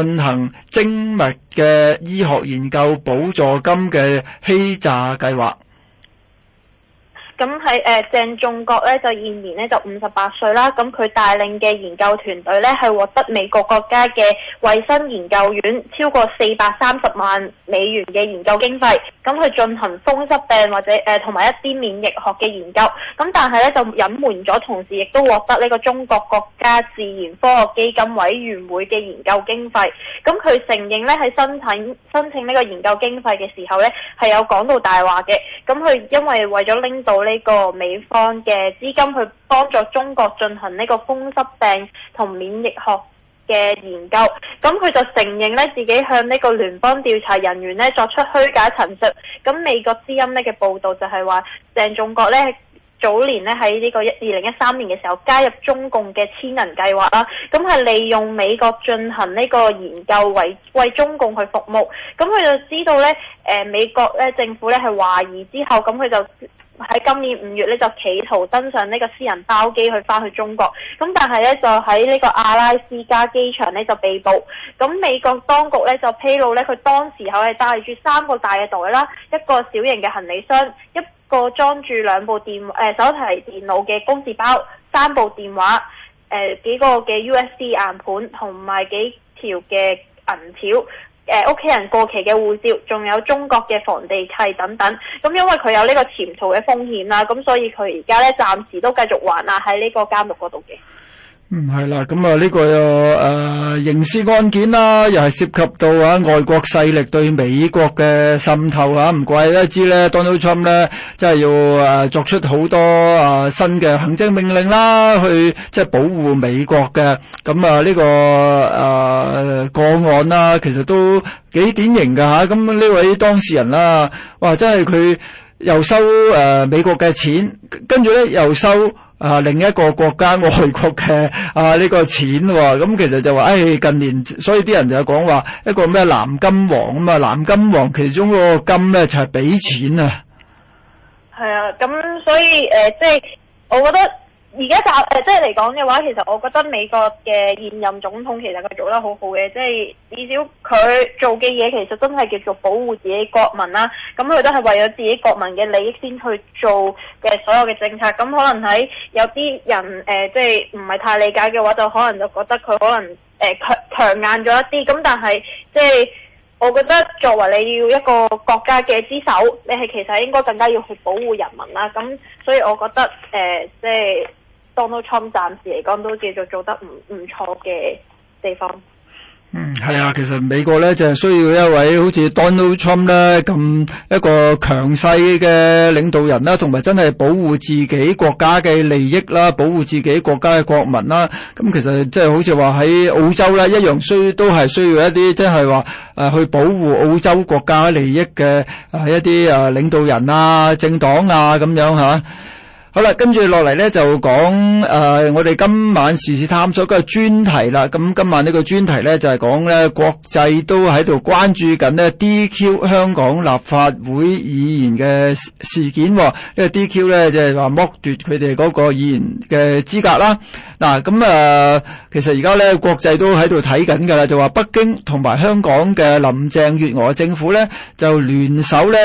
進行精密嘅醫學研究補助金嘅欺詐計劃。咁喺誒鄭仲國咧就現年咧就五十八歲啦，咁佢帶領嘅研究團隊咧係獲得美國國家嘅衞生研究院超過四百三十萬美元嘅研究經費，咁佢進行風濕病或者誒同埋一啲免疫學嘅研究，咁但係咧就隱瞞咗，同時亦都獲得呢個中國國家自然科學基金委員會嘅研究經費，咁佢承認咧喺申請申請呢個研究經費嘅時候咧係有講到大話嘅，咁佢因為為咗拎到呢。呢個美方嘅資金去幫助中國進行呢個風濕病同免疫學嘅研究，咁佢就承認呢自己向呢個聯邦調查人員咧作出虛假陳述。咁美國之音咧嘅報道就係話鄭仲國呢早年咧喺呢個一二零一三年嘅時候加入中共嘅千人計劃啦，咁係利用美國進行呢個研究為為中共去服務。咁佢就知道呢誒、呃、美國咧政府咧係懷疑之後，咁佢就喺今年五月咧就企圖登上呢個私人包機去翻去中國，咁但係咧就喺呢個阿拉斯加機場呢，就被捕，咁美國當局咧就披露咧佢當時候係帶住三個大嘅袋啦，一個小型嘅行李箱，一個裝住兩部電誒手提電腦嘅公事包，三部電話，誒、呃、幾個嘅 USB 硬盤同埋幾條嘅銀條。誒屋企人過期嘅護照，仲有中國嘅房地契等等，咁、嗯、因為佢有呢個潛逃嘅風險啦、啊，咁、嗯、所以佢而家呢暫時都繼續還押喺呢個監獄嗰度嘅。唔係啦，咁啊呢個誒、呃、刑事案件啦，又係涉及到啊外國勢力對美國嘅滲透啊，唔怪得之咧，Donald Trump 呢，真係要誒、啊、作出好多啊新嘅行政命令啦，去即係保護美國嘅。咁啊呢、呢個誒、啊、個案啦，其實都幾典型噶吓，咁、啊、呢位當事人啦，哇、啊、真係佢又收誒、呃、美國嘅錢，跟住咧又收。啊，另一個國家外國嘅啊呢、這個錢喎、啊，咁、嗯、其實就話，誒、哎、近年，所以啲人就講話一個咩藍金黃啊嘛，藍金黃其中個金咧就係、是、俾錢啊，係啊，咁所以誒、呃，即係我覺得。而家就誒、是呃、即係嚟講嘅話，其實我覺得美國嘅現任總統其實佢做得好好嘅，即係至少佢做嘅嘢其實真係叫做保護自己國民啦。咁、嗯、佢都係為咗自己國民嘅利益，先去做嘅所有嘅政策。咁、嗯、可能喺有啲人誒、呃、即係唔係太理解嘅話，就可能就覺得佢可能誒強強硬咗一啲。咁、嗯、但係即係我覺得作為你要一個國家嘅之首，你係其實應該更加要去保護人民啦。咁、嗯、所以我覺得誒、呃、即係。Donald Trump 暫時嚟講都繼續做得唔唔錯嘅地方。嗯，係啊，其實美國咧就係需要一位好似 Donald Trump 咧咁一個強勢嘅領導人啦，同埋真係保護自己國家嘅利益啦，保護自己國家嘅國民啦。咁其實即係好似話喺澳洲咧一樣，需都係需要一啲即係話誒去保護澳洲國家利益嘅誒一啲誒領導人啊、政黨啊咁樣嚇。好啦，跟住落嚟呢就講誒、呃，我哋今晚時事探索嗰個專題啦。咁今晚呢個專題呢，就係、是、講呢國際都喺度關注緊呢 DQ 香港立法會議員嘅事件，因、哦、為、這個、DQ 呢，就係話剝奪佢哋嗰個議員嘅資格啦。嗱、啊，咁啊、呃，其實而家呢，國際都喺度睇緊噶啦，就話北京同埋香港嘅林鄭月娥政府呢，就聯手呢。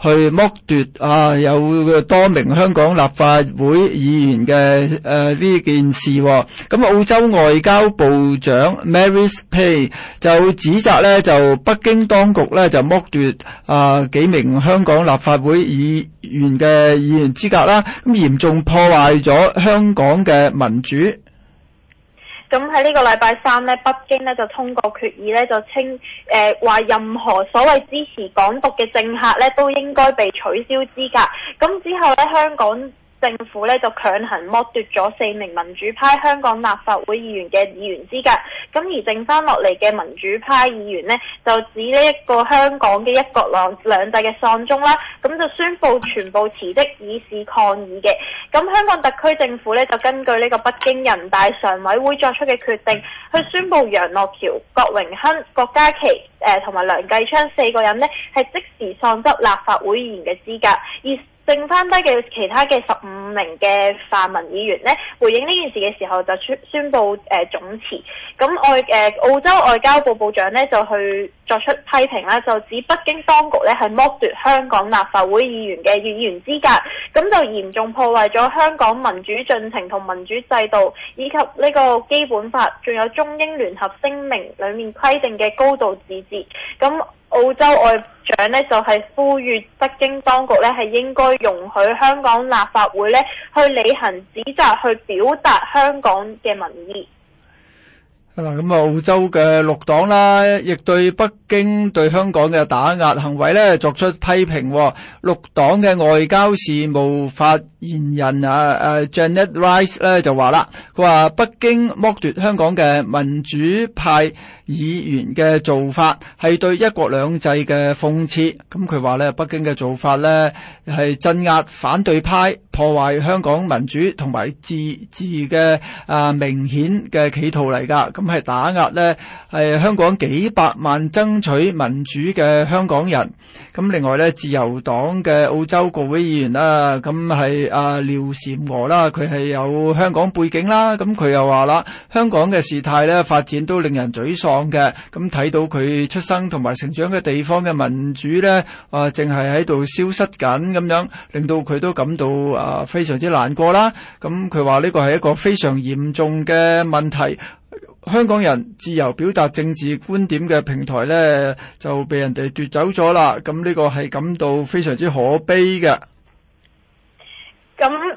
去剝奪啊有多名香港立法會議員嘅誒呢件事、哦，咁、啊、澳洲外交部長 Marise Payne、e, 就指責咧，就北京當局咧就剝奪啊幾名香港立法會議員嘅議員資格啦，咁、啊、嚴重破壞咗香港嘅民主。咁喺呢個禮拜三呢，北京呢就通過決議呢，就稱誒話任何所謂支持港獨嘅政客呢，都應該被取消資格。咁之後呢，香港，政府咧就強行剝奪咗四名民主派香港立法會議員嘅議員資格，咁而剩翻落嚟嘅民主派議員呢，就指呢一個香港嘅一國兩兩制嘅喪鐘啦，咁就宣布全部辭職以示抗議嘅。咁香港特區政府呢，就根據呢個北京人大常委會作出嘅決定，去宣布楊岳橋、郭榮鏗、郭家麒誒同埋梁繼昌四個人呢，係即時喪失立法會議員嘅資格而。剩翻低嘅其他嘅十五名嘅泛民議員呢，回應呢件事嘅時候就宣宣佈誒總辭。咁外誒澳洲外交部部長呢，就去作出批評啦，啊，就指北京當局呢係剝奪香港立法會議員嘅議員資格，咁就嚴重破壞咗香港民主進程同民主制度，以及呢個基本法，仲有中英聯合聲明裡面規定嘅高度自治。咁澳洲外長呢，就係、是、呼籲北京當局呢，係應該容許香港立法會呢，去履行指責，去表達香港嘅民意。嗱，咁啊，澳洲嘅綠黨啦，亦對北京對香港嘅打壓行為呢，作出批評。綠黨嘅外交事務法言人啊，誒，Janet Rice 咧就話啦，佢話北京剝奪香港嘅民主派議員嘅做法係對一國兩制嘅諷刺。咁佢話咧，北京嘅做法咧係鎮壓反對派、破壞香港民主同埋自治嘅啊明顯嘅企圖嚟噶。咁、嗯、係打壓呢係香港幾百萬爭取民主嘅香港人。咁、嗯、另外呢，自由黨嘅澳洲國會議員啦，咁、啊、係。嗯啊，廖嬋娥啦，佢係有香港背景啦，咁佢又話啦，香港嘅事態呢發展都令人沮喪嘅，咁睇到佢出生同埋成長嘅地方嘅民主呢，啊，淨係喺度消失緊咁樣，令到佢都感到啊非常之難過啦。咁佢話呢個係一個非常嚴重嘅問題，香港人自由表達政治觀點嘅平台呢，就被人哋奪走咗啦，咁呢個係感到非常之可悲嘅。咁，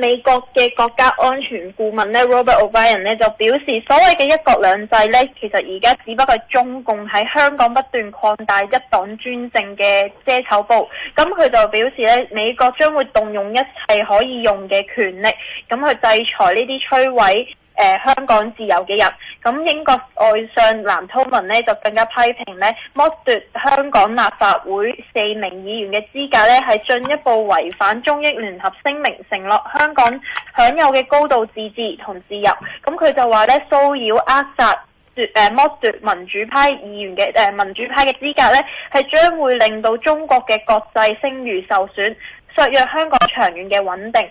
美國嘅國家安全顧問咧，Robert O'Brien 咧就表示，所謂嘅一國兩制呢，其實而家只不過係中共喺香港不斷擴大一黨專政嘅遮醜布。咁佢就表示咧，美國將會動用一切可以用嘅權力，咁去制裁呢啲摧毀。誒、呃、香港自由嘅人，咁英國外相藍韜文呢就更加批評呢，剝奪香港立法會四名議員嘅資格呢，係進一步違反中英聯合聲明承諾香港享有嘅高度自治同自由。咁佢就話呢，騷擾扼殺誒剝奪民主派議員嘅誒、呃、民主派嘅資格呢，係將會令到中國嘅國際聲譽受損，削弱香港長遠嘅穩定。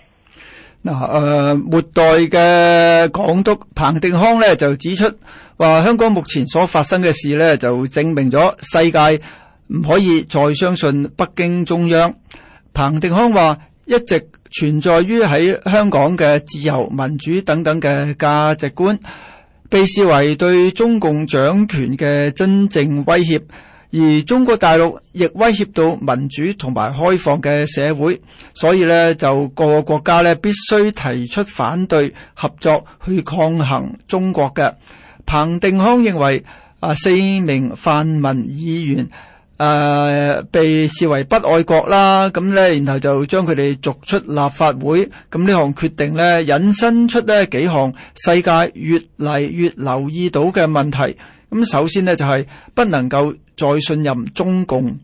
呃，末代嘅港督彭定康呢，就指出，話香港目前所發生嘅事呢，就證明咗世界唔可以再相信北京中央。彭定康話，一直存在於喺香港嘅自由、民主等等嘅價值觀，被視為對中共掌權嘅真正威脅。而中國大陸亦威脅到民主同埋開放嘅社會，所以呢，就各個國家呢，必須提出反對合作去抗衡中國嘅。彭定康認為啊、呃，四名泛民議員誒、呃、被視為不愛國啦，咁呢，然後就將佢哋逐出立法會。咁呢項決定呢，引申出呢幾項世界越嚟越留意到嘅問題。咁首先呢，就係、是、不能夠再信任中共，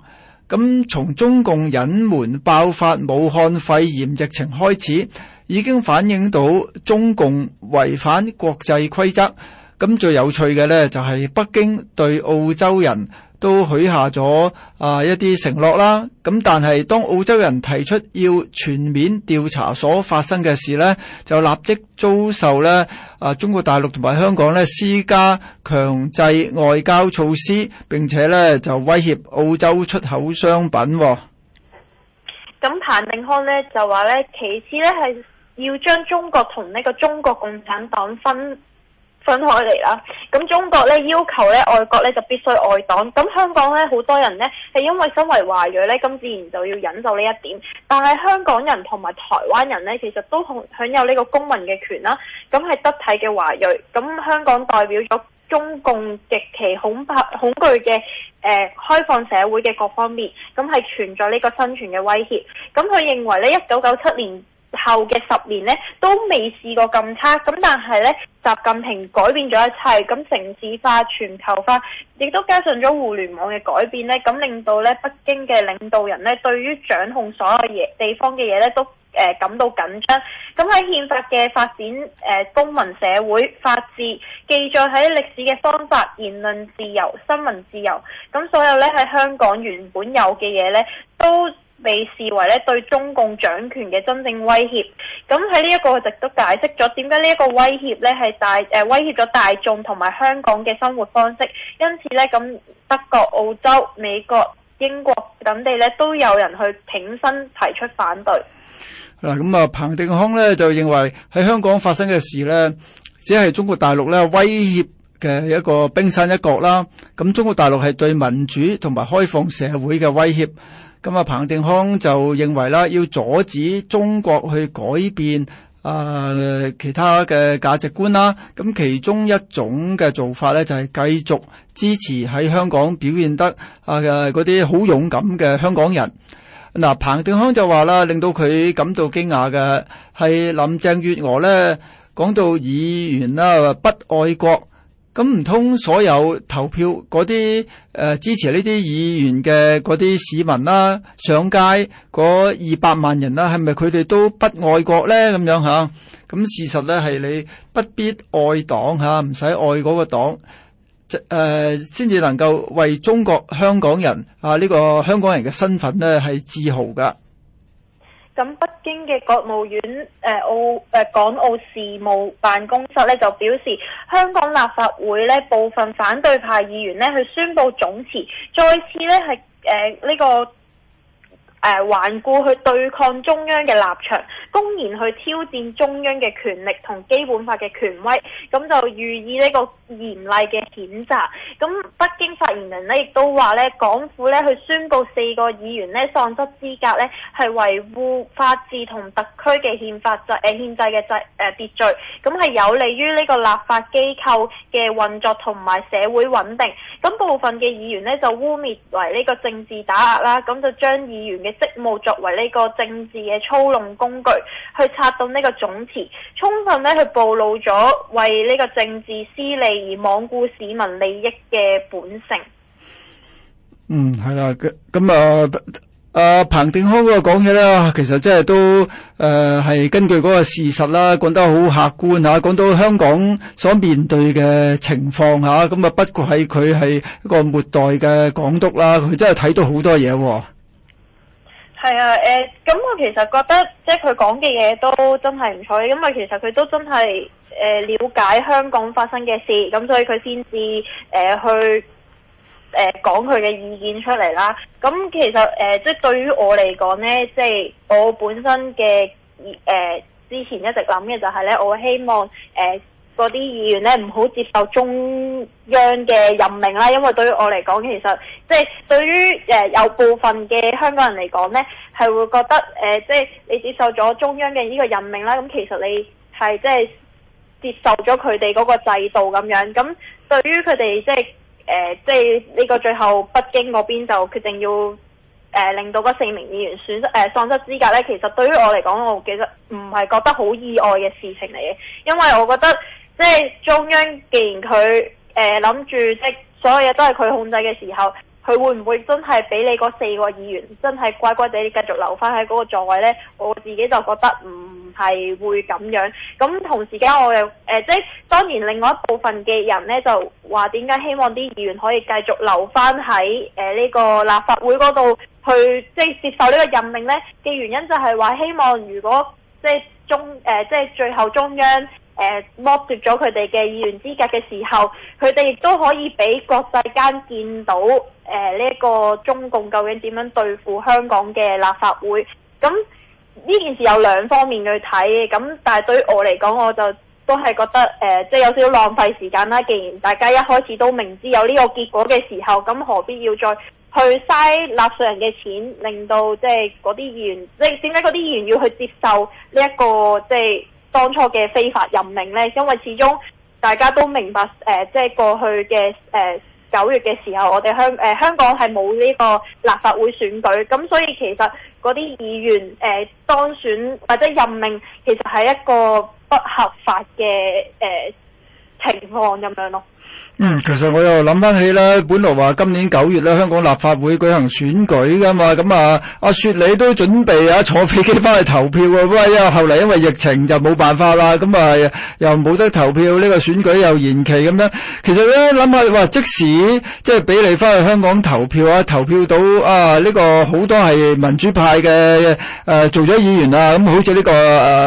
咁從中共隱瞞爆發武漢肺炎疫情開始，已經反映到中共違反國際規則。咁最有趣嘅咧，就係北京對澳洲人，都許下咗啊一啲承諾啦，咁但係當澳洲人提出要全面調查所發生嘅事呢，就立即遭受呢啊中國大陸同埋香港呢施加強制外交措施，並且呢就威脅澳洲出口商品，哦。咁彭定康呢就話呢，其次呢係要將中國同呢個中國共產黨分分開嚟啦，咁中國咧要求咧外國咧就必須愛黨，咁香港咧好多人咧係因為身為華裔呢，咁自然就要忍受呢一點。但係香港人同埋台灣人呢，其實都享享有呢個公民嘅權啦，咁係得體嘅華裔，咁香港代表咗中共極其恐怕、恐懼嘅誒、呃、開放社會嘅各方面，咁係存在呢個生存嘅威脅。咁佢認為呢，一九九七年。後嘅十年呢都未試過咁差，咁但係呢習近平改變咗一切，咁城市化、全球化，亦都加上咗互聯網嘅改變呢咁令到呢北京嘅領導人呢對於掌控所有嘢地方嘅嘢呢都誒、呃、感到緊張。咁喺憲法嘅發展誒公民社會法治，記載喺歷史嘅方法，言論自由、新聞自由，咁所有呢喺香港原本有嘅嘢呢都。被視為咧對中共掌權嘅真正威脅。咁喺呢一個，亦都解釋咗點解呢一個威脅咧係大誒威脅咗大眾同埋香港嘅生活方式。因此咧，咁德國、澳洲、美國、英國等地咧都有人去挺身提出反對嗱。咁啊、嗯，彭定康咧就認為喺香港發生嘅事咧，只係中國大陸咧威脅嘅一個冰山一角啦。咁中國大陸係對民主同埋開放社會嘅威脅。咁啊，彭定康就認為啦，要阻止中國去改變啊、呃、其他嘅價值觀啦。咁其中一種嘅做法咧，就係繼續支持喺香港表現得啊嘅嗰啲好勇敢嘅香港人。嗱、呃，彭定康就話啦，令到佢感到驚訝嘅係林鄭月娥咧，講到議員啦不愛國。咁唔通所有投票嗰啲誒支持呢啲議員嘅嗰啲市民啦、啊，上街嗰二百萬人啦，係咪佢哋都不愛國咧？咁樣吓，咁、啊、事實咧係你不必愛黨吓，唔、啊、使愛嗰個黨，誒、呃，先至能夠為中國香港人啊呢、呢個香港人嘅身份咧係自豪噶。咁北京嘅國務院誒、呃、澳誒、呃、港澳事務辦公室咧就表示，香港立法會咧部分反對派議員咧去宣布總辭，再次咧係誒呢、呃這個。誒、呃、頑固去對抗中央嘅立場，公然去挑戰中央嘅權力同基本法嘅權威，咁就予以呢個嚴厲嘅譴責。咁北京發言人呢亦都話呢港府呢去宣布四個議員呢喪失資格呢係維護法治同特區嘅憲法制誒、呃、憲制嘅制誒、呃、秩序，咁係有利於呢個立法機構嘅運作同埋社會穩定。咁部分嘅議員呢就污蔑為呢個政治打壓啦，咁就將議員嘅職務作為呢個政治嘅操弄工具，去拆到呢個總辭，充分咧去暴露咗為呢個政治私利而罔顧市民利益嘅本性。嗯，係啦，咁咁啊，誒、呃呃，彭定康嗰個講起啦，其實真係都誒係、呃、根據嗰個事實啦，講得好客觀吓，講到香港所面對嘅情況吓，咁啊，不過喺佢係一個末代嘅港督啦，佢真係睇到好多嘢啊。係啊，誒、呃，咁、嗯、我其實覺得，即係佢講嘅嘢都真係唔錯嘅，因為其實佢都真係誒、呃、了解香港發生嘅事，咁、嗯、所以佢先至誒去誒、呃、講佢嘅意見出嚟啦。咁、嗯、其實誒，即、呃、係、就是、對於我嚟講咧，即、就、係、是、我本身嘅誒、呃、之前一直諗嘅就係咧，我希望誒、呃嗰啲議員咧唔好接受中央嘅任命啦，因為對於我嚟講，其實即係對於誒、呃、有部分嘅香港人嚟講咧，係會覺得誒、呃，即係你接受咗中央嘅呢個任命啦，咁、嗯、其實你係即係接受咗佢哋嗰個制度咁樣。咁、嗯、對於佢哋即係誒，即係呢、呃、個最後北京嗰邊就決定要誒、呃、令到嗰四名議員損失誒、呃、喪失資格咧。其實對於我嚟講，我其實唔係覺得好意外嘅事情嚟嘅，因為我覺得，即係中央，既然佢誒諗住即係所有嘢都係佢控制嘅時候，佢會唔會真係俾你嗰四個議員真係乖乖哋繼續留翻喺嗰個座位呢？我自己就覺得唔係會咁樣。咁同時間我又誒、呃，即係當然另外一部分嘅人呢，就話點解希望啲議員可以繼續留翻喺誒呢個立法會嗰度去即係接受呢個任命呢？嘅原因就係話希望如果即係中誒、呃、即係最後中央。誒剝奪咗佢哋嘅議員資格嘅時候，佢哋亦都可以俾國際間見到誒呢一個中共究竟點樣對付香港嘅立法會。咁、嗯、呢件事有兩方面去睇，咁、嗯、但係對於我嚟講，我就都係覺得誒，即、呃、係、就是、有少少浪費時間啦。既然大家一開始都明知有呢個結果嘅時候，咁、嗯、何必要再去嘥納稅人嘅錢，令到即係嗰啲議員，即係點解嗰啲議員要去接受呢、這、一個即係？就是當初嘅非法任命呢，因為始終大家都明白，誒，即係過去嘅誒九月嘅時候，我哋香誒香港係冇呢個立法會選舉，咁所以其實嗰啲議員誒當選或者任命，其實係一個不合法嘅誒，呃情況咁樣咯。嗯，其實我又諗翻起咧，本來話今年九月咧，香港立法會舉行選舉噶嘛，咁啊，阿雪你都準備啊坐飛機翻去投票啊？喂，過，啊，後嚟因為疫情就冇辦法啦，咁啊又冇得投票，呢個選舉又延期咁啦。其實咧諗下，話即使即係俾你翻去香港投票啊，投票到啊呢個好多係民主派嘅誒做咗議員啊，咁好似呢個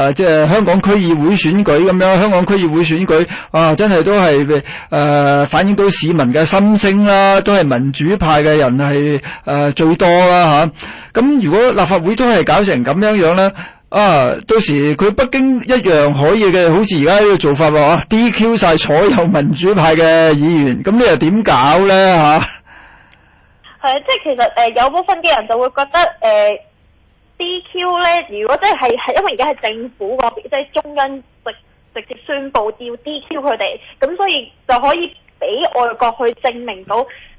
誒即係香港區議會選舉咁樣，香港區議會選舉啊真係都係誒、呃、反映到市民嘅心聲啦，都係民主派嘅人係誒、呃、最多啦吓。咁、啊、如果立法會都係搞成咁樣樣咧，啊，到時佢北京一樣可以嘅，好似而家呢個做法喎、啊、，DQ 晒所有民主派嘅議員，咁你又點搞咧吓？係、啊，即係其實誒、呃，有部分嘅人就會覺得誒、呃、，DQ 咧，如果真係係因為而家係政府嗰邊，即、就、係、是、中央直接宣布調 DQ 佢哋，咁所以就可以俾外國去證明到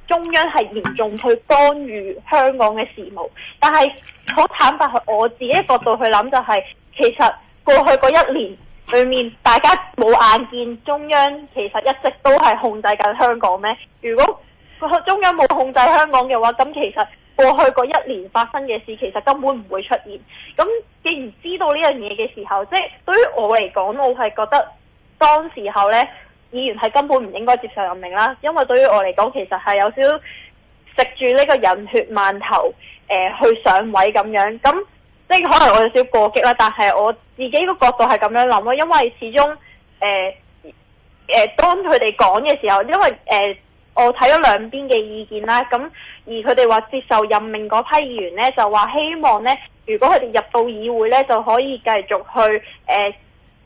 中央係嚴重去干預香港嘅事務。但係好坦白去我自己角度去諗、就係，就係其實過去嗰一年裏面，大家冇眼見中央其實一直都係控制緊香港咩？如果中央冇控制香港嘅話，咁其實。過去嗰一年發生嘅事，其實根本唔會出現。咁既然知道呢樣嘢嘅時候，即係對於我嚟講，我係覺得當時候呢議員係根本唔應該接受任命啦。因為對於我嚟講，其實係有少少食住呢個人血饅頭誒、呃、去上位咁樣。咁即係可能我有少過激啦，但係我自己個角度係咁樣諗咯。因為始終誒誒、呃呃，當佢哋講嘅時候，因為誒。呃我睇咗兩邊嘅意見啦，咁而佢哋話接受任命嗰批議員呢，就話希望呢，如果佢哋入到議會呢，就可以繼續去誒、呃，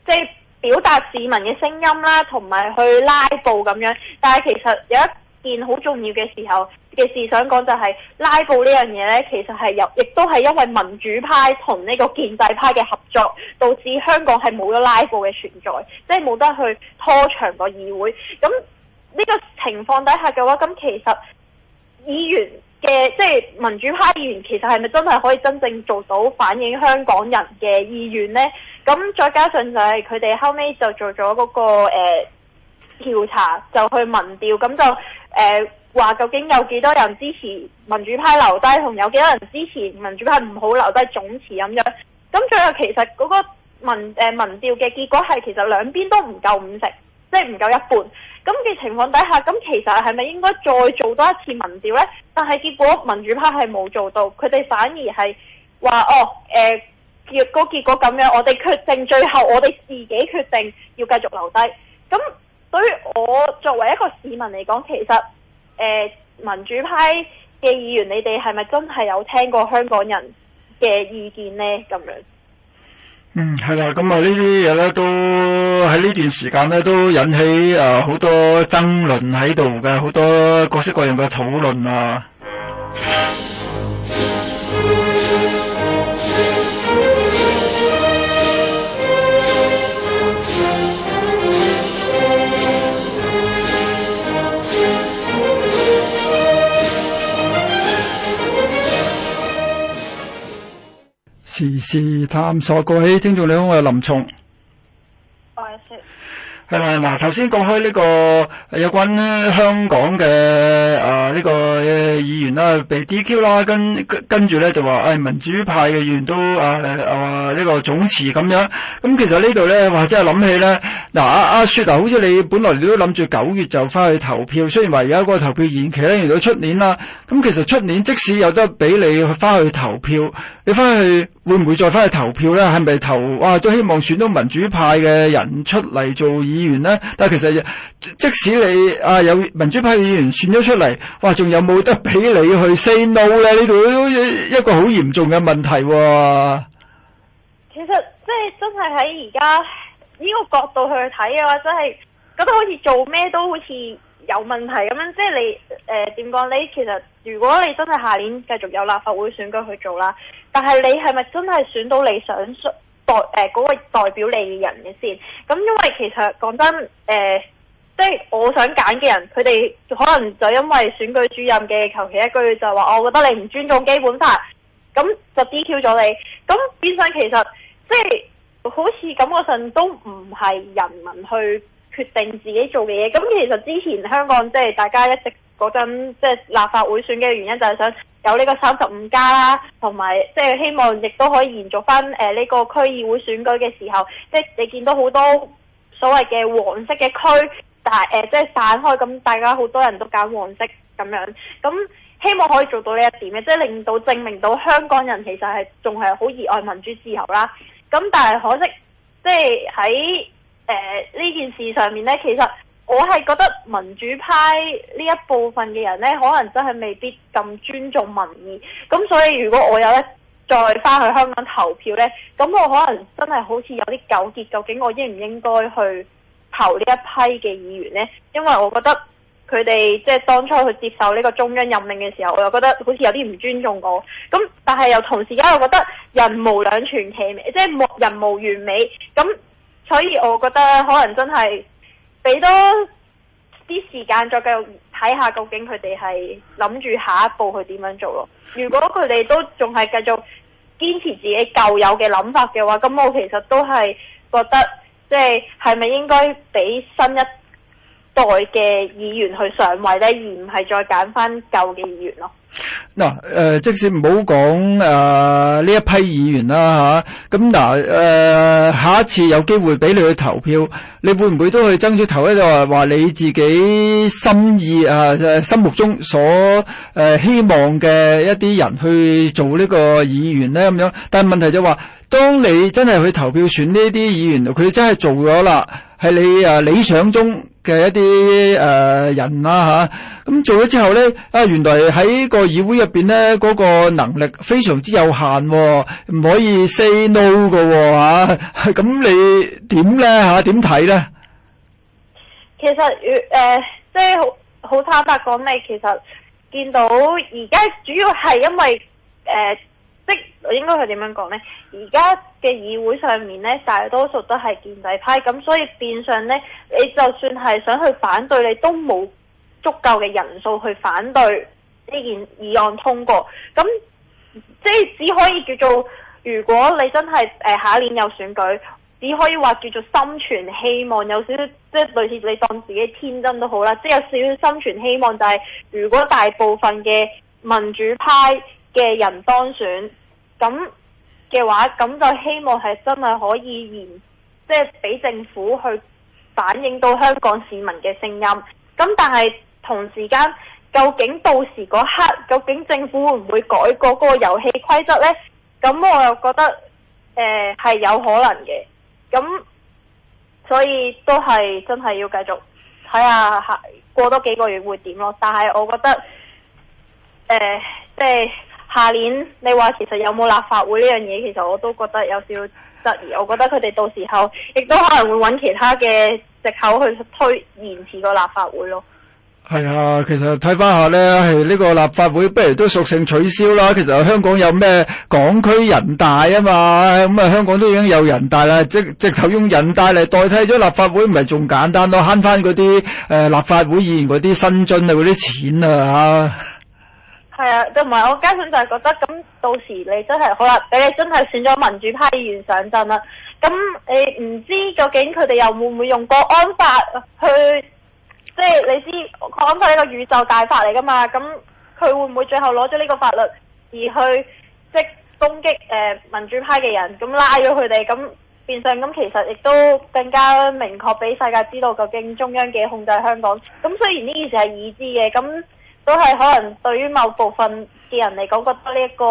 即係表達市民嘅聲音啦，同埋去拉布咁樣。但係其實有一件好重要嘅時候嘅事想講，就係，就係拉布呢樣嘢呢，其實係由亦都係因為民主派同呢個建制派嘅合作，導致香港係冇咗拉布嘅存在，即係冇得去拖長個議會咁。呢個情況底下嘅話，咁其實議員嘅即係民主派議員，其實係咪真係可以真正做到反映香港人嘅意願呢？咁再加上就係佢哋後尾就做咗嗰、那個誒調、呃、查，就去民調，咁就誒話、呃、究竟有幾多人支持民主派留低，同有幾多人支持民主派唔好留低總辭咁樣。咁最後其實嗰個民誒、呃、民調嘅結果係其實兩邊都唔夠五成。即係唔夠一半，咁嘅情況底下，咁其實係咪應該再做多一次民調呢？但係結果民主派係冇做到，佢哋反而係話哦，誒、呃，結果咁樣，我哋決定最後我哋自己決定要繼續留低。咁，對於我作為一個市民嚟講，其實誒、呃，民主派嘅議員，你哋係咪真係有聽過香港人嘅意見呢？咁樣？嗯，係啦，咁、嗯、啊呢啲嘢咧都喺呢段時間咧都引起啊好、呃、多爭論喺度嘅，好多各式各樣嘅討論啊。時事探索，各位聽眾你好，我係林松。阿雪，係啦，嗱，頭先講開呢個有關香港嘅誒呢個議員啦，被 D Q 啦，跟跟住咧就話誒民主派嘅議員都啊啊呢、這個總辭咁樣。咁、嗯、其實呢度咧，或者係諗起咧，嗱阿阿雪啊，好似你本來你都諗住九月就翻去投票，雖然話有一個投票延期咧，如果出年啦，咁、嗯、其實出年即使有得俾你去翻去投票。你翻去會唔會再翻去投票咧？係咪投？哇，都希望選到民主派嘅人出嚟做議員咧。但係其實，即使你啊有民主派議員選咗出嚟，哇，仲有冇得俾你去 say no 咧？呢度都一個好嚴重嘅問題啊。其實，即係真係喺而家呢個角度去睇嘅話，真係覺得好似做咩都好似。有問題咁樣，即係你誒點講？你其實如果你真係下年繼續有立法會選舉去做啦，但係你係咪真係選到你想代誒嗰、呃、代表你嘅人嘅先？咁因為其實講真誒、呃，即係我想揀嘅人，佢哋可能就因為選舉主任嘅求其一句就話、哦，我覺得你唔尊重基本法，咁就 DQ 咗你。咁變相其實即係好似感覺上都唔係人民去。決定自己做嘅嘢，咁其實之前香港即係大家一直嗰陣，即係立法會選嘅原因就係想有呢個三十五加啦，同埋即係希望亦都可以延續翻誒呢個區議會選舉嘅時候，即係你見到好多所謂嘅黃色嘅區，但係誒即係散開，咁大家好多人都揀黃色咁樣，咁希望可以做到呢一點咧，即係令到證明到香港人其實係仲係好熱愛民主自由啦。咁但係可惜，即係喺。誒，呢件事上面呢，其實我係覺得民主派呢一部分嘅人呢，可能真係未必咁尊重民意，咁所以如果我有一再翻去香港投票呢，咁我可能真係好似有啲糾結，究竟我應唔應該去投呢一批嘅議員呢？因為我覺得佢哋即係當初去接受呢個中央任命嘅時候，我又覺得好似有啲唔尊重我，咁但係又同時而家又覺得人無兩全其美，即係人無完美咁。所以我覺得可能真係俾多啲時間再繼續睇下究竟佢哋係諗住下一步去點樣做咯。如果佢哋都仲係繼續堅持自己舊有嘅諗法嘅話，咁我其實都係覺得，即係係咪應該俾新一代嘅議員去上位咧，而唔係再揀翻舊嘅議員咯？嗱誒，即使唔好講誒呢一批議員啦、啊、吓，咁嗱誒，下一次有機會俾你去投票，你會唔會都去爭取投一就話你自己心意啊心目中所誒、啊、希望嘅一啲人去做呢個議員呢？咁樣？但係問題就話、是，當你真係去投票選呢啲議員，佢真係做咗啦，係你誒、啊、理想中嘅一啲誒、啊、人啦、啊、吓，咁、啊、做咗之後呢，啊原來喺個議會入邊咧，嗰個能力非常之有限，哦，唔可以 say no 嘅吓，哦。咁、啊啊啊、你點咧吓？點睇咧？呢其實，誒、呃，即係好好坦白講，你其實見到而家主要係因為誒、呃，即係應該係點樣講咧？而家嘅議會上面咧，大多數都係建制派，咁所以變相咧，你就算係想去反對你，你都冇足夠嘅人數去反對。呢件議案通過，咁即係只可以叫做，如果你真係誒、呃、下一年有選舉，只可以話叫做心存希望，有少少即係類似你當自己天真都好啦，即係有少少心存希望、就是，就係如果大部分嘅民主派嘅人當選，咁嘅話，咁就希望係真係可以延，即係俾政府去反映到香港市民嘅聲音。咁但係同時間。究竟到時嗰刻，究竟政府會唔會改過嗰個遊戲規則呢？咁我又覺得誒係、呃、有可能嘅，咁所以都係真係要繼續睇下下過多幾個月會點咯。但係我覺得誒，即係下年你話其實有冇立法會呢樣嘢，其實我都覺得有少少質疑。我覺得佢哋到時候亦都可能會揾其他嘅藉口去推延遲個立法會咯。係啊，其實睇翻下咧，係、這、呢個立法會不如都索性取消啦。其實香港有咩港區人大啊嘛，咁啊香港都已經有人大啦，直直頭用人大嚟代替咗立法會，唔係仲簡單咯，慳翻嗰啲誒立法會議員嗰啲薪津啊，嗰啲錢啊。係啊，都唔係，我家陣就係覺得，咁到時你真係好啦，俾你真係選咗民主派議員上陣啦。咁你唔知究竟佢哋又會唔會用國安法去？即係你知，我諗佢係呢個宇宙大法嚟噶嘛？咁佢會唔會最後攞咗呢個法律而去即攻擊、呃、民主派嘅人？咁拉咗佢哋，咁變相咁其實亦都更加明確俾世界知道究竟中央嘅控制香港。咁、嗯、雖然呢件事係已知嘅，咁、嗯、都係可能對於某部分嘅人嚟講，覺得呢一個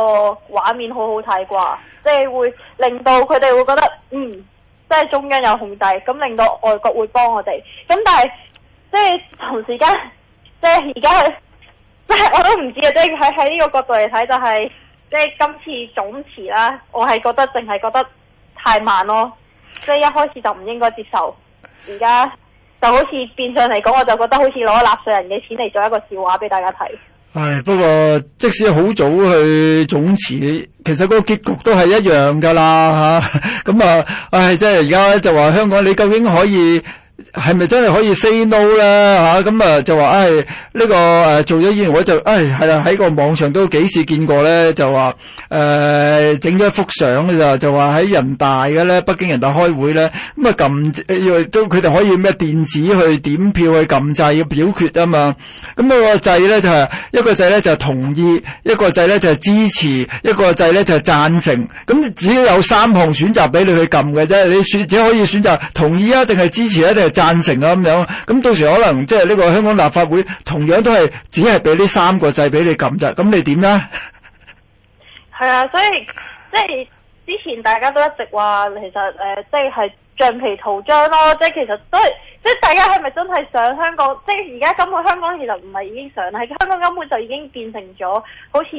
畫面好好睇啩？即係會令到佢哋會覺得，嗯，即、就、係、是、中央有控制，咁、嗯、令到外國會幫我哋。咁、嗯、但係。即係同時間，即係而家去，即係我都唔知啊！即係喺喺呢個角度嚟睇，就是，就係即係今次總辭啦。我係覺得淨係覺得太慢咯，即係一開始就唔應該接受。而家就好似變相嚟講，我就覺得好似攞納稅人嘅錢嚟做一個笑話俾大家睇。係不過即使好早去總辭，其實個結局都係一樣噶啦吓。咁啊，唉，即係而家就話香港，你究竟可以？係咪真係可以 say no 咧嚇？咁啊、嗯、就話誒呢個誒、呃、做咗嘢，我就誒係啦。喺個網上都幾次見過咧，就話誒整咗一幅相㗎咋？就話喺人大嘅咧，北京人大開會咧，咁啊撳，都佢哋可以咩電子去點票去撳掣表決啊嘛。咁、嗯、嗰、嗰個掣咧就係、係、一個掣咧就係同意，一個掣咧就係支持，一個掣咧就係贊成。咁、嗯、只要有三項選擇俾你去撳嘅啫，你選只可以選擇同意啊，定係支持啊，定係。贊成啊咁樣，咁到時可能即係呢個香港立法會同樣都係只係俾呢三個掣，俾你撳咋。咁你點呢？係啊，所以即係之前大家都一直話，其實誒、呃，即係橡皮圖章，咯，即係其實都係，即係大家係咪真係想香港？即係而家根本香港其實唔係已經想啦，係香港根本就已經變成咗好似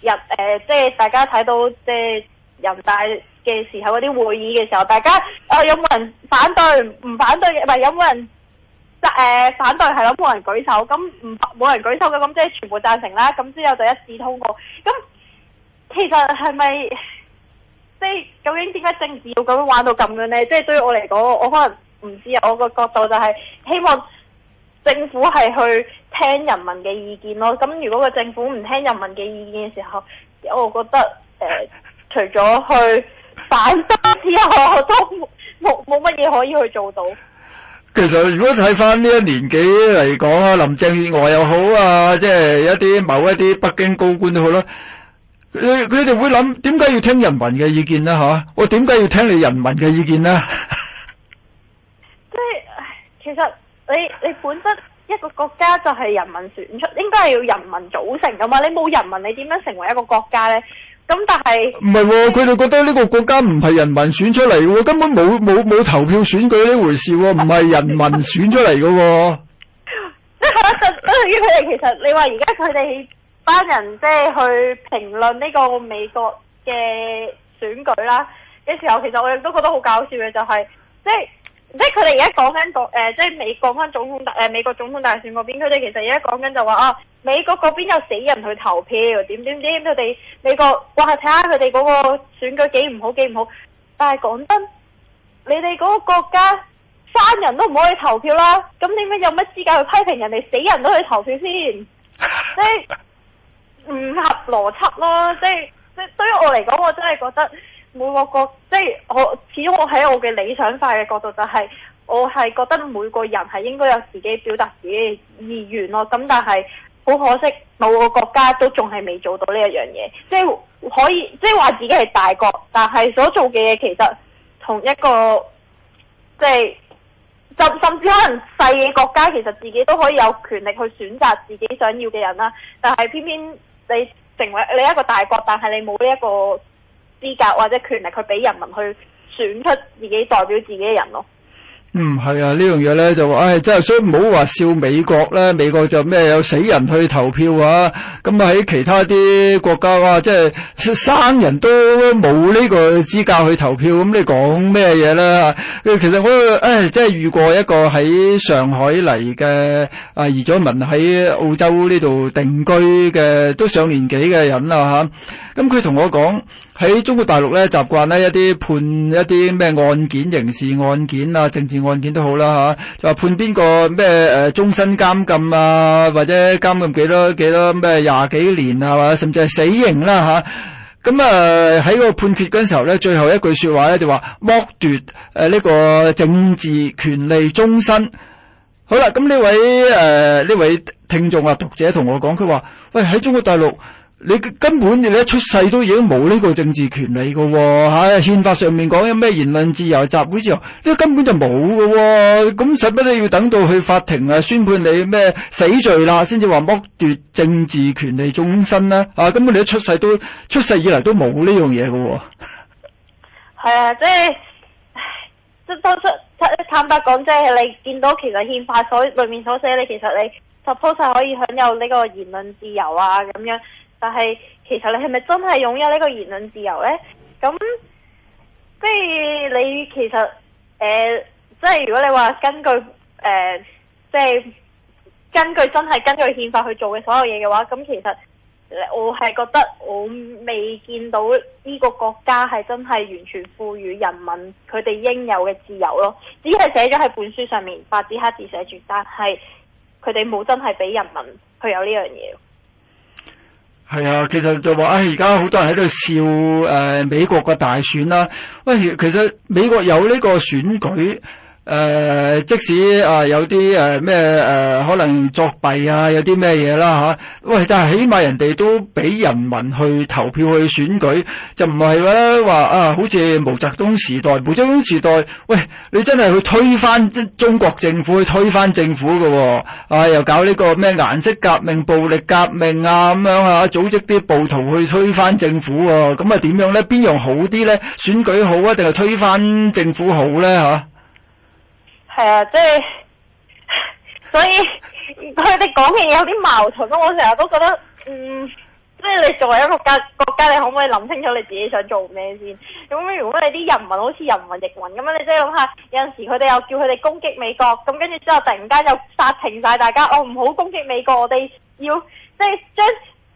人誒，即係大家睇到即係人大。嘅時候嗰啲會議嘅時候，大家誒、呃、有冇人反對？唔反對嘅唔係有冇人誒、呃、反對？係咯，冇人舉手，咁唔冇人舉手嘅，咁即係全部贊成啦。咁之後就一致通過。咁其實係咪即係究竟點解政治要咁玩到咁樣呢？即係對於我嚟講，我可能唔知啊。我個角度就係希望政府係去聽人民嘅意見咯。咁如果個政府唔聽人民嘅意見嘅時候，我覺得誒、呃，除咗去。但之後都冇冇乜嘢可以去做到。其實如果睇翻呢一年紀嚟講啊，林鄭月娥又好啊，即係一啲某一啲北京高官都好啦、啊，佢哋會諗點解要聽人民嘅意見呢？吓、啊，我點解要聽你人民嘅意見呢？即 [laughs] 係其實你你本身一個國家就係人民選出，應該係要人民組成噶嘛。你冇人民，你點樣成為一個國家呢？咁但係唔係喎，佢哋覺得呢個國家唔係人民選出嚟喎，根本冇冇冇投票選舉呢回事喎，唔係人民選出嚟嘅喎。即係對於佢哋其實，你話而家佢哋班人即係去評論呢個美國嘅選舉啦嘅時候，其實我哋都覺得好搞笑嘅，就係，就係即係即係佢哋而家講緊講誒，即、就、係、係呃就係、美國翻總統大、呃、美國總統大選嗰邊，佢哋其實而家講緊就話哦。啊美國嗰邊有死人去投票，點點點，佢哋美國哇，睇下佢哋嗰個選舉幾唔好幾唔好。但係講真，你哋嗰個國家，生人都唔可以投票啦，咁點解有乜資格去批評人哋死人都去投票先？即係唔 [laughs] 合邏輯咯。即係即係，對於我嚟講，我真係覺得每個國，即係我，始終我喺我嘅理想化嘅角度，就係，就係我係覺得每個人係應該有自己表達自己嘅意願咯。咁但係，好可惜，某個國家都仲係未做到呢一樣嘢，即係可以，即係話自己係大國，但係所做嘅嘢其實同一個，即係甚甚至可能細嘅國家，其實自己都可以有權力去選擇自己想要嘅人啦。但係偏偏你成為你一個大國，但係你冇呢一個資格或者權力去俾人民去選出自己代表自己嘅人咯。嗯，係啊，呢樣嘢咧，就話，唉、哎，真係，所以唔好話笑美國咧，美國就咩有死人去投票啊，咁喺其他啲國家啊，即係生人都冇呢個資格去投票，咁你講咩嘢咧？其實我唉，即、哎、係遇過一個喺上海嚟嘅，啊，移咗民喺澳洲呢度定居嘅，都上年紀嘅人啦、啊、吓，咁佢同我講。喺中國大陸咧，習慣咧一啲判一啲咩案件，刑事案件啊、政治案件都好啦嚇、啊，就話判邊個咩誒終身監禁啊，或者監禁幾多幾多咩廿幾年啊，或者甚至係死刑啦、啊、吓，咁啊喺、啊、個判決嗰陣時候咧，最後一句說話咧就話剝奪誒呢個政治權利終身。好啦，咁呢位誒呢、呃、位聽眾啊讀者同我講，佢話喂喺中國大陸。你根本你一出世都已經冇呢個政治權利噶喎、啊，喺、哎、憲法上面講有咩言論自由、集會自由，呢根本就冇噶喎。咁使乜你要等到去法庭啊宣判你咩死罪啦，先至話剝奪政治權利終身咧？啊、哎，根本你一出世都出世以嚟都冇呢樣嘢噶喎。係啊，即係即係坦白講，即、就、係、是、你見到其實憲法所裏面所寫，你其實你 suppose 可以享有呢個言論自由啊咁樣。但係，其實你係咪真係擁有呢個言論自由咧？咁、嗯、即係你其實誒、呃，即係如果你話根據誒、即、呃、係、就是、根據真係根據憲法去做嘅所有嘢嘅話，咁、嗯、其實我係覺得我未見到呢個國家係真係完全賦予人民佢哋應有嘅自由咯，只係寫咗喺本書上面，白紙黑字寫住，但係佢哋冇真係俾人民去有呢樣嘢。係啊，其實就話，啊、哎，而家好多人喺度笑誒、呃、美國嘅大選啦、啊。喂，其實美國有呢個選舉。誒、呃，即使啊有啲誒咩誒，可能作弊啊，有啲咩嘢啦吓，喂，但係起碼人哋都俾人民去投票去選舉，就唔係話啊，好似毛澤東時代，毛澤東時代，喂，你真係去推翻即中國政府，去推翻政府嘅、哦，啊，又搞呢個咩顏色革命、暴力革命啊，咁樣啊，組織啲暴徒去推翻政府、啊，咁啊點樣咧？邊樣好啲咧？選舉好啊，定係推翻政府好咧？吓、啊？係啊，即係，所以佢哋講嘅嘢有啲矛盾咯。我成日都覺得，嗯，即係你作為一個國家，國家你可唔可以諗清楚你自己想做咩先？咁、嗯、如果你啲人民好似人云亦云咁樣，你即係諗下，有陣時佢哋又叫佢哋攻擊美國，咁跟住之後突然間又殺停晒大家。哦，我唔好攻擊美國，我哋要即係將。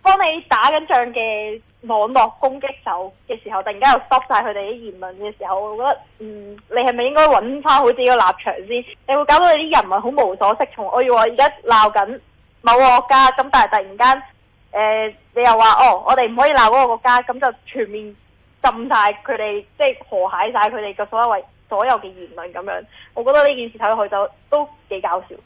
當你打緊仗嘅網絡攻擊手嘅時候，突然間又塞晒佢哋啲言論嘅時候，我覺得嗯，你係咪應該揾翻好自己嘅立場先？你會搞到你啲人民好無所適從？我以為而家鬧緊某個國家，咁但係突然間誒，你又話哦，我哋唔可以鬧嗰個國家，咁、呃哦、就全面浸晒佢哋，即係河蟹晒佢哋嘅所有所有嘅言論咁樣。我覺得呢件事睇落去就都幾搞笑。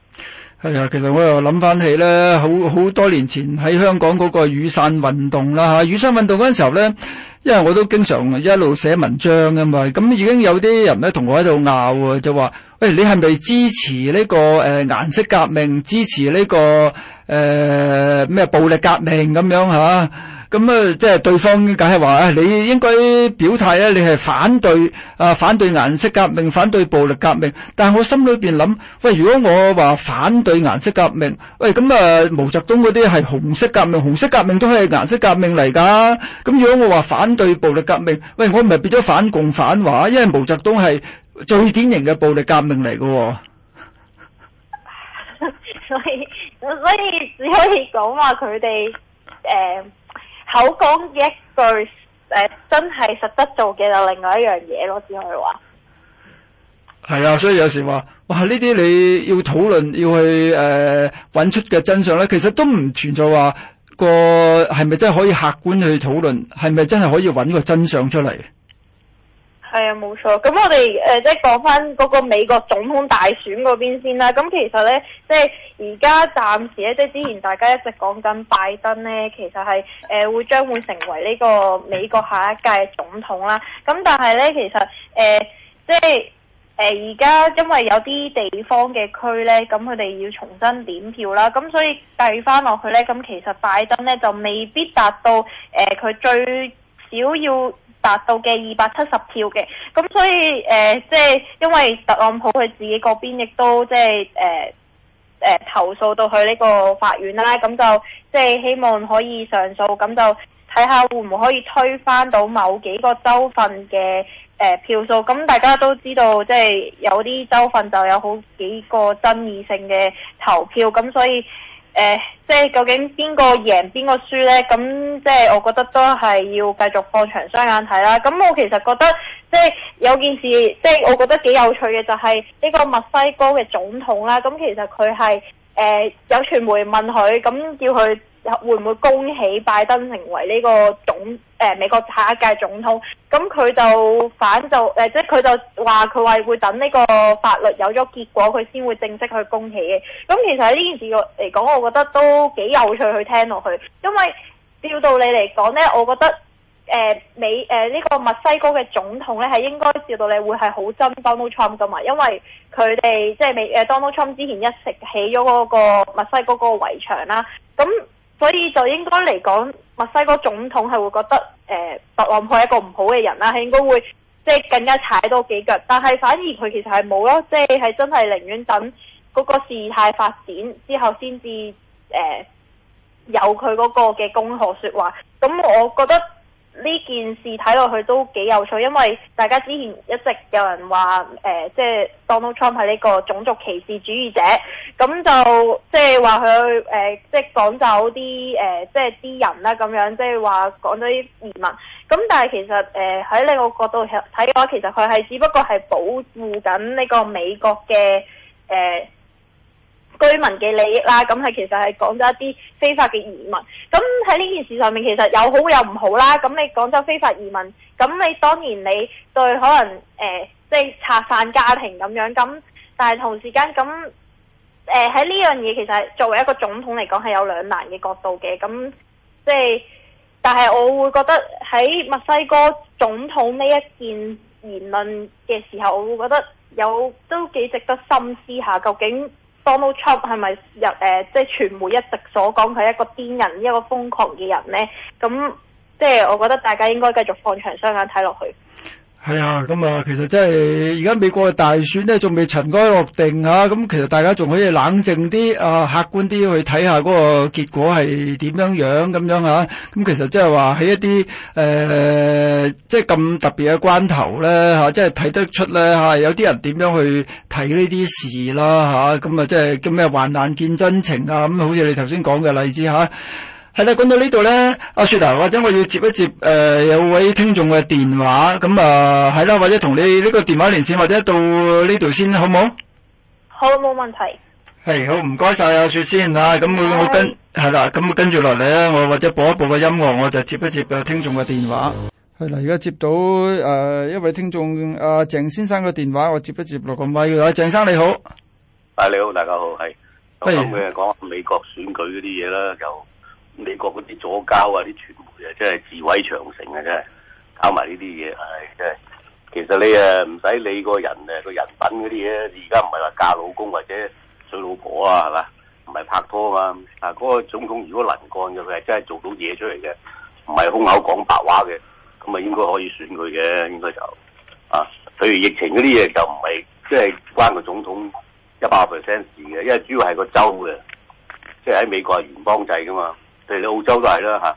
係啊，其實我又諗翻起咧，好好多年前喺香港嗰個雨傘運動啦嚇，雨傘運動嗰陣時候咧，因為我都經常一路寫文章啊嘛，咁已經有啲人咧同我喺度拗啊，就話，喂、欸，你係咪支持呢個誒顏色革命？支持呢、呢個誒咩、呃、暴力革命咁樣嚇？啊。咁啊，即係對方梗係話啊，你應該表態啊，你係反對啊，反對顏色革命，反對暴力革命。但係我心裏邊諗，喂，如果我話反對顏色革命，喂，咁啊，毛澤東嗰啲係紅色革命，紅色革命都係顏色革命嚟㗎。咁如果我話反對暴力革命，喂，我咪變咗反共反華，因為毛澤東係最典型嘅暴力革命嚟㗎。所以，所以只可以講話佢哋誒。口講一句誒、呃，真係實質做嘅就另外一樣嘢咯，只可以話係啊，所以有時話，哇呢啲你要討論，要去誒揾、呃、出嘅真相咧，其實都唔存在話個係咪真係可以客觀去討論，係咪真係可以揾個真相出嚟？係啊，冇、哎、錯。咁我哋誒、呃、即係講翻嗰個美國總統大選嗰邊先啦。咁其實呢，即係而家暫時咧，即係之前大家一直講緊拜登呢，其實係誒會將會成為呢個美國下一屆總統啦。咁但係呢，其實誒、呃、即係誒而家因為有啲地方嘅區呢，咁佢哋要重新點票啦。咁所以計翻落去呢，咁其實拜登呢，就未必達到誒佢、呃、最少要達到嘅二百七十票嘅，咁所以誒，即、呃、係因為特朗普佢自己嗰邊亦都即係誒誒投訴到去呢個法院啦，咁就即係、呃、希望可以上訴，咁就睇下會唔可以推翻到某幾個州份嘅誒、呃、票數。咁大家都知道，即、呃、係有啲州份就有好幾個爭議性嘅投票，咁所以。誒、呃，即係究竟邊個贏邊個輸呢？咁即係我覺得都係要繼續放長雙眼睇啦。咁我其實覺得即係有件事，即係我覺得幾有趣嘅就係呢個墨西哥嘅總統啦。咁其實佢係誒有傳媒問佢，咁叫佢。會唔會恭喜拜登成為呢個總誒、呃、美國下一屆總統？咁、嗯、佢就反就誒、呃，即係佢就話佢話會等呢個法律有咗結果，佢先會正式去恭喜嘅。咁、嗯、其實呢件事嚟講，我覺得都幾有趣去聽落去，因為照道理嚟講呢，我覺得誒、呃、美誒呢、呃呢個墨西哥嘅總統呢，係應該照道理會係好憎 Donald Trump 噶嘛，因為佢哋即係美誒、呃、Donald Trump 之前一直起咗嗰個墨西哥個圍牆啦，咁、嗯。嗯所以就應該嚟講，墨西哥總統係會覺得誒，特朗普係一個唔好嘅人啦，係應該會即係、就是、更加踩多幾腳。但係反而佢其實係冇咯，即係係真係寧願等嗰個事態發展之後先至誒有佢嗰個嘅公開說話，咁我覺得。呢件事睇落去都幾有趣，因為大家之前一直有人話誒，即、呃、係、就是、Donald Trump 係呢個種族歧視主義者，咁、嗯、就即係話佢誒，即係趕走啲誒，即係啲人啦咁樣，即係話講咗啲移民。咁、嗯、但係其實誒，喺、呃、你個角度睇嘅話，其實佢係只不過係保護緊呢個美國嘅誒，呃居民嘅利益啦，咁係其實，係講咗一啲非法嘅移民。咁喺呢件事上面，其實有好有唔好啦。咁你講咗非法移民，咁你當然你對可能誒、呃，即係拆散家庭咁樣，咁，但係同時間，咁誒，喺呢樣嘢其實作為一個總統嚟講，係有兩難嘅角度嘅。咁即係，但係我會覺得喺墨西哥總統呢一件言論嘅時候，我會覺得有都幾值得深思下，究竟。Donald Trump 係咪入誒？即係傳媒一直所講，佢係一個癲人、一個瘋狂嘅人咧？咁即係我覺得大家應該繼續放長雙眼睇落去。係啊，咁、嗯即係、啊，其實真係而家美國嘅大選咧，仲未塵埃落定吓，咁其實大家仲可以冷靜啲啊，客觀啲去睇下嗰個結果係點樣樣咁樣吓，咁、啊嗯、其實即係話喺一啲誒、呃，即係咁特別嘅關頭咧吓、啊，即係睇得出咧吓、啊，有啲人點樣去睇呢啲事啦吓，咁啊，啊、嗯、即係叫咩患難見真情啊，咁好似你頭先講嘅例子吓。啊係啦，講到呢度咧，阿雪啊，或者我要接一接誒、呃、有位聽眾嘅電話，咁啊係啦，或者同你呢個電話連線，或者到呢度先好冇？好，冇問題。係好，唔該晒阿雪先啊，咁、嗯、我、啊嗯啊、跟係啦，咁、嗯啊、跟住落嚟咧，我、啊、或者播一播個音樂，我就接一接嘅聽眾嘅電話。係啦、嗯，而家接到誒、呃、一位聽眾阿鄭先生嘅電話，我接一接落個位啦，鄭、啊、生你好。啊，你好，大家好，係，不如講美國選舉嗰啲嘢啦，就。美國嗰啲左膠啊，啲傳媒啊，真係自毀長城啊，哎、真係搞埋呢啲嘢，係真係。其實你啊唔使理個人誒個人品嗰啲嘢，而家唔係話嫁老公或者娶老婆啊，係嘛？唔係拍拖啊嘛。啊，嗰、那個總統如果能幹嘅，佢係真係做到嘢出嚟嘅，唔係空口講白話嘅。咁啊，應該可以選佢嘅，應該就啊。譬如疫情嗰啲嘢就唔係即係關個總統一百 percent 事嘅，因為主要係個州嘅，即係喺美國係聯邦制噶嘛。對你澳洲都係啦吓，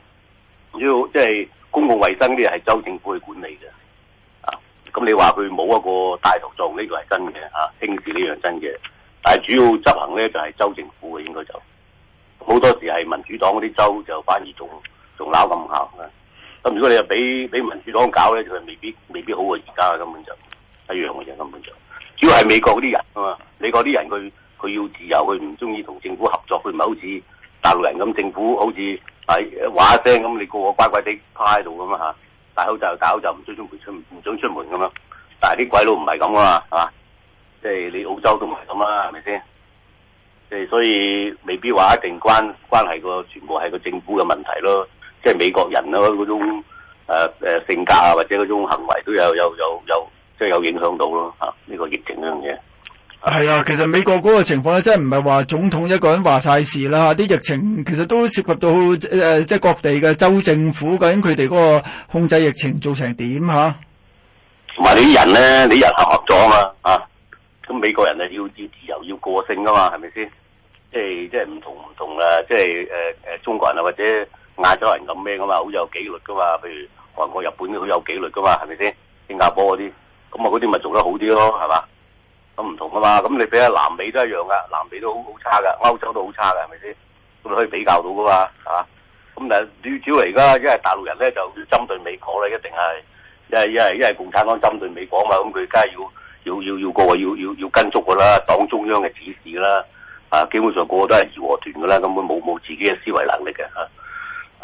主要即係、就是、公共衛生咧係州政府去管理嘅，啊，咁你話佢冇一個帶頭作用呢、這個係真嘅吓，輕視呢樣真嘅，但係主要執行咧就係、是、州政府嘅應該就，好多時係民主黨嗰啲州就反而仲仲鬧咁下，咁、啊啊、如果你又俾俾民主黨搞咧就係未必未必好過而家根本就一樣嘅啫，根本就，主要係美國嗰啲人啊嘛，美國啲人佢佢要自由，佢唔中意同政府合作，佢唔係好似。大陸人咁，政府好似喺、啊、話一聲咁，你個個乖乖地趴喺度咁啊吓，戴口罩戴口罩，唔想出唔想出門咁、啊、樣。但係啲鬼佬唔係咁啊嘛，係嘛，即係你澳洲都唔係咁啊，係咪先？即係所以未必話一定關係關係個全部係個政府嘅問題咯、啊，即係美國人咯嗰種誒誒、啊、性格啊，或者嗰種行為都有有有有即係有,、就是、有影響到咯吓呢個疫情呢樣嘢。係啊，其實美國嗰個情況咧，即係唔係話總統一個人話晒事啦。啲、啊、疫情其實都涉及到誒、呃，即係各地嘅州政府，究竟佢哋嗰個控制疫情做成點吓。同、啊、埋你啲人咧，啲人學咗啊嘛，啊，咁美國人啊要要自由要個性噶嘛，係咪先？即係即係唔同唔同啊！即係誒誒，中國人啊或者亞洲人咁咩噶嘛，好有紀律噶嘛，譬如韓國、日本都好有紀律噶嘛，係咪先？新加坡嗰啲咁啊，嗰啲咪做得好啲咯，係嘛？咁唔同噶嘛？咁你比下南美都一樣噶，南美都好好差噶，歐洲都好差噶，係咪先？咁你可以比較到噶嘛？吓、啊，咁但係主要嚟，因為大陸人咧，就針對美國咧，一定係因為因為因為共產黨針對美國嘛？咁佢梗係要要要要個個要要要跟足噶啦，黨中央嘅指示啦，啊，基本上個個都係義和團噶啦，咁佢冇冇自己嘅思維能力嘅吓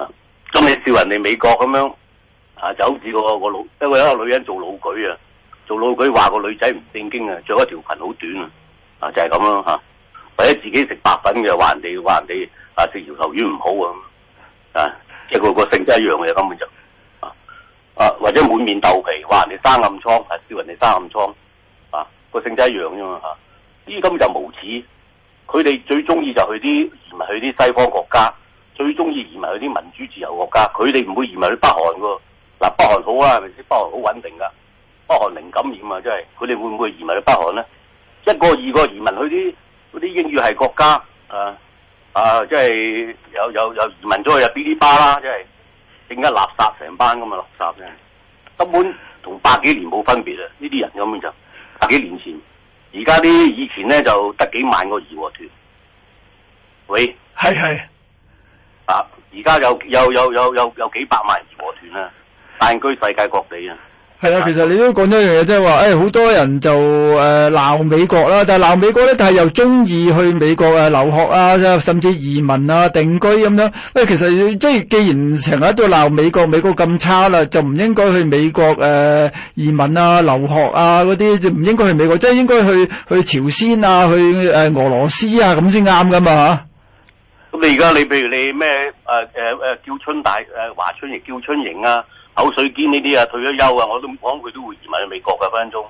啊！咁、啊、你笑人哋美國咁樣啊，就好似個個老，因為一個女人做老舉啊。做老鬼，話個女仔唔正經啊，着一條裙好短啊，啊就係咁咯吓，或者自己食白粉嘅，話人哋話人哋啊食搖頭丸唔好咁啊，即係個個性質一樣嘅根本就啊，或者滿面豆皮話人哋生暗瘡，笑人哋生暗瘡啊個性質一樣啫嘛吓，呢啲根本就無恥，佢哋最中意就去啲移民去啲西方國家，最中意移民去啲民主自由國家，佢哋唔會移民去北韓噶，嗱，北韓好啊，係咪先，北韓好穩定噶？北韓零感染啊！即係，佢哋會唔會移民去北韓咧？一個二個移民去啲啲英語系國家，啊啊！即係有有有移民咗去嗶哩巴啦，即係整間垃圾成班咁啊！垃圾咧，根本同百幾年冇分別啊！呢啲人咁樣就百幾年前，而家啲以前咧就得幾萬個義和團。喂，係係是是 啊！而家有有有有有有幾百萬義和團啦，散居世界各地啊！係啊，其實你都講咗一樣嘢，即係話，誒、哎，好多人就誒鬧、呃、美國啦，但係鬧美國咧，但係又中意去美國誒留學啊，甚至移民啊、定居咁樣。喂、哎，其實即係既然成日都鬧美國，美國咁差啦，就唔應該去美國誒、呃、移民啊、留學啊嗰啲，就唔應該去美國，即係應該去去朝鮮啊、去誒、呃、俄羅斯啊咁先啱噶嘛？咁你而家你譬如你咩誒誒誒叫春大誒華春瑩叫春瑩啊？口水堅呢啲啊，退咗休啊，我都講佢都會移民去美國嘅分分鐘。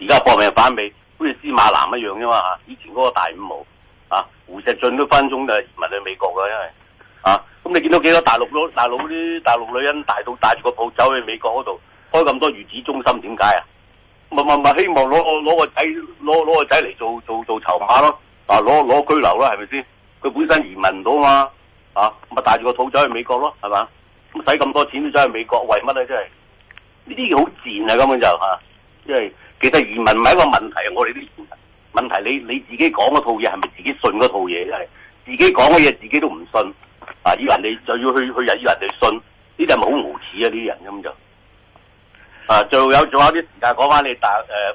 而家搏命反美，好似司馬南一樣啫嘛。以前嗰個大五毛啊，胡錫進都分分鐘就移民去美國嘅，因為啊，咁、嗯、你見到幾多大陸佬、大佬啲大陸女人，大肚帶住個肚走去美國嗰度開咁多月子中心，點解啊？咪咪咪，希望攞攞個仔，攞攞個仔嚟做做做籌碼咯。啊，攞攞居留啦，係咪先？佢本身移民唔到嘛，啊，咪帶住個肚走去美國咯，係嘛？使咁多錢走去美國為乜咧？真係呢啲好賤啊！根本就吓、啊，因為其實移民唔係一個問題，我哋啲問題，你你自己講嗰套嘢係咪自己信嗰套嘢？真係自己講嘅嘢自己都唔信啊！要人哋就要去去要人要人哋信，呢啲係咪好無恥啊？呢啲人咁就啊，仲有仲有啲時間講翻你大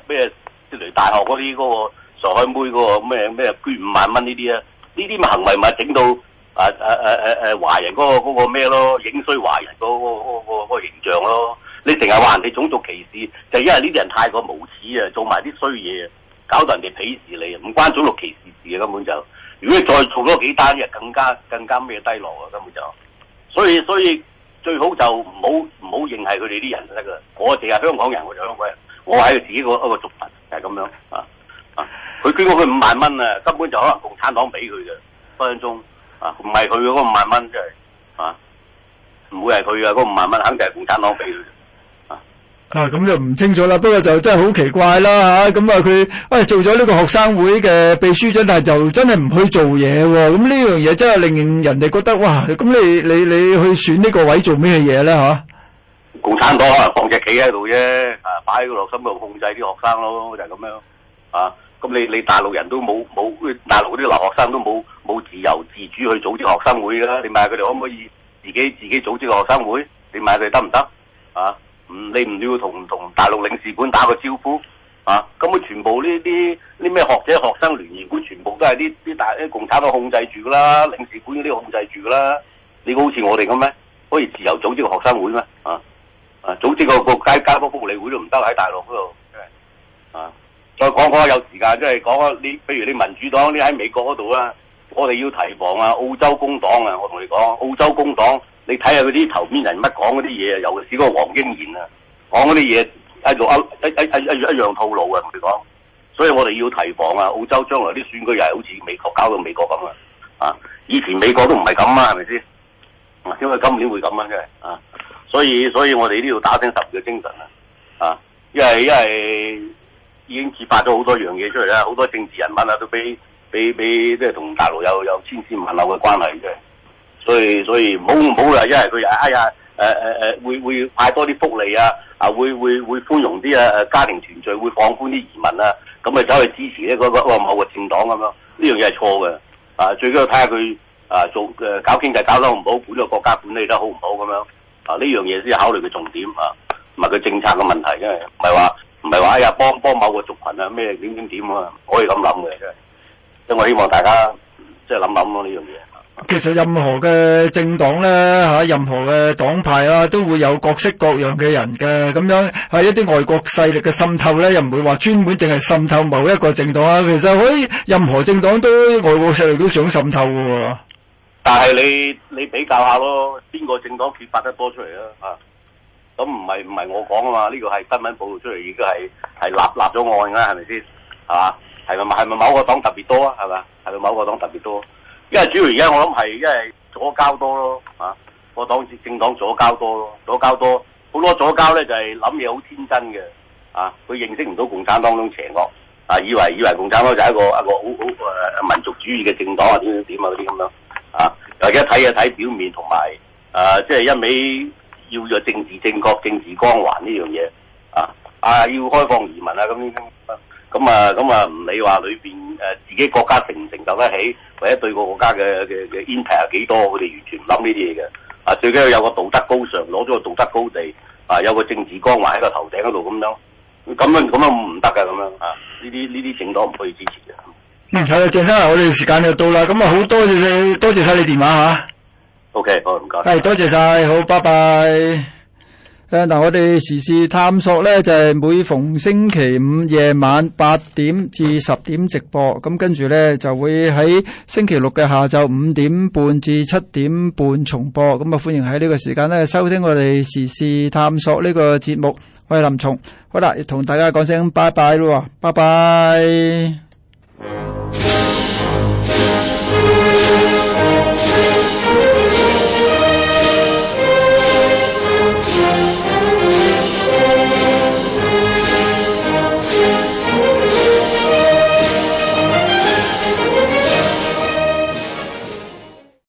誒咩悉尼大學嗰啲嗰個上海妹嗰、嗰個咩咩捐五萬蚊呢啲啊？呢啲行為咪整到？啊！啊！啊！啊！啊！華人嗰、嗰個咩、嗰個、咯，影衰華人嗰嗰嗰個形象咯。你淨係話人哋種族歧視，就因為呢啲人太過無恥啊，做埋啲衰嘢，搞到人哋鄙視你啊！唔關種族歧視事啊，根本就。如果你再做多幾單，嘢，更加更加咩低落啊！根本就。所以所以最好就唔好唔好認係佢哋啲人得噶。我淨係香港人，我就香港人。我係自己個一、嗰個族群，就係咁樣啊啊！佢、啊、捐咗佢五萬蚊啊，根本就可能共產黨俾佢嘅分分鐘。啊！唔係佢嗰個五萬蚊，即係啊，唔會係佢噶，嗰五萬蚊肯定係共產黨俾佢。啊，咁就唔清楚啦。不過就真係好奇怪啦吓。咁啊，佢啊做咗呢個學生會嘅秘書長，但係就真係唔去做嘢。咁呢樣嘢真係令人哋覺得哇！咁你你你去選呢個位做咩嘢咧？吓？共產黨可能放隻棋喺度啫，啊，擺喺個落心度控制啲學生咯，就係咁樣啊。咁你你大陸人都冇冇大陸啲留學生都冇冇自由自主去組織學生會噶啦？你問下佢哋可唔可以自己自己組織學生會？你問下佢哋得唔得啊？唔你唔要同同大陸領事館打個招呼啊？咁佢全部呢啲呢咩學者學生聯誼會全部都係啲啲大啲共產黨控制住噶啦，領事館嗰啲控制住噶啦。你好似我哋咁咩？可以自由組織個學生會咩？啊啊！組織個個街街坊服務理事會都唔得喺大陸嗰度。再講，我有時間，即係講啊！你譬如你民主黨，你喺美國嗰度啊，我哋要提防啊！澳洲工黨啊，我同你講，澳洲工黨，你睇下佢啲頭面人物講嗰啲嘢啊，尤其係嗰個黃英賢啊，講嗰啲嘢，一做一，一，一，一，一樣套路啊！同你講，所以我哋要提防啊！澳洲將來啲選舉又係好似美國搞到美國咁啊！啊，以前美國都唔係咁啊，係咪先？因為今年會咁啊？真係啊，所以所以我哋呢度打醒十二嘅精神啊！啊，因為因為。已經揭發咗好多樣嘢出嚟啦，好多政治人物啊都俾俾俾，即係同大陸有有千絲萬縷嘅關係嘅，所以所以唔好唔好啦，因為佢啊哎呀誒誒誒，會會派多啲福利啊啊，會會會寬容啲啊，家庭團聚會放寬啲移民啊，咁啊走去支持咧嗰個嗰個某個政黨咁樣，呢樣嘢係錯嘅啊，最緊要睇下佢啊做誒搞經濟搞得唔好，管個國家管理得好唔好咁樣啊，呢樣嘢先考慮嘅重點啊，唔係佢政策嘅問題，因為唔係話。唔係話哎呀幫幫某個族群啊咩點點點啊，可以咁諗嘅。即係，即係我希望大家即係諗諗咯呢樣嘢。其實任何嘅政黨咧吓，任何嘅黨派啊，都會有各式各樣嘅人嘅。咁樣係一啲外國勢力嘅滲透咧，又唔會話專門淨係滲透某一個政黨啊。其實，誒，任何政黨都外國勢力都想滲透嘅。但係你你比較下咯，邊個政黨揭發得多出嚟啦？啊！咁唔係唔係我講啊嘛。呢個係新聞報道出嚟，已經係係立立咗案啦，係咪先？係嘛？係咪係咪某個黨特別多啊？係嘛？係咪某個黨特別多？因為主要而家我諗係因為左交多咯，啊，個黨政黨左交多咯，左交多，好多左交咧就係諗嘢好天真嘅，啊，佢認識唔到共產黨中邪惡，啊，以為以為共產黨就係一個一個好好誒民族主義嘅政黨啊，點點啊嗰啲咁樣，啊，大家睇一睇表面同埋誒，即係、啊就是、一味。要咗政治正確、政治光環呢樣嘢啊！啊，要開放移民啊！咁咁咁啊，咁啊，唔理話裏邊誒自己國家承唔承受得起，或者對個國家嘅嘅嘅 impact 係幾多，佢哋完全唔諗呢啲嘢嘅。啊，最緊要有個道德高尚，攞咗個道德高地。啊，有個政治光環喺個頭頂嗰度咁樣，咁樣咁樣唔得噶咁樣啊！呢啲呢啲政黨唔可以支持嘅。嗯，好啦，鄭生，我哋時間就到啦，咁啊，好多謝你，多謝曬你電話嚇。O K，好唔該，係多謝晒，好，拜拜。誒，嗱，我哋時事探索呢，就係每逢星期五夜晚八點至十點直播，咁跟住呢就會喺星期六嘅下晝五點半至七點半重播，咁啊，歡迎喺呢個時間呢收聽我哋時事探索呢個節目。我係林松，好啦，同大家講聲拜拜咯，拜拜。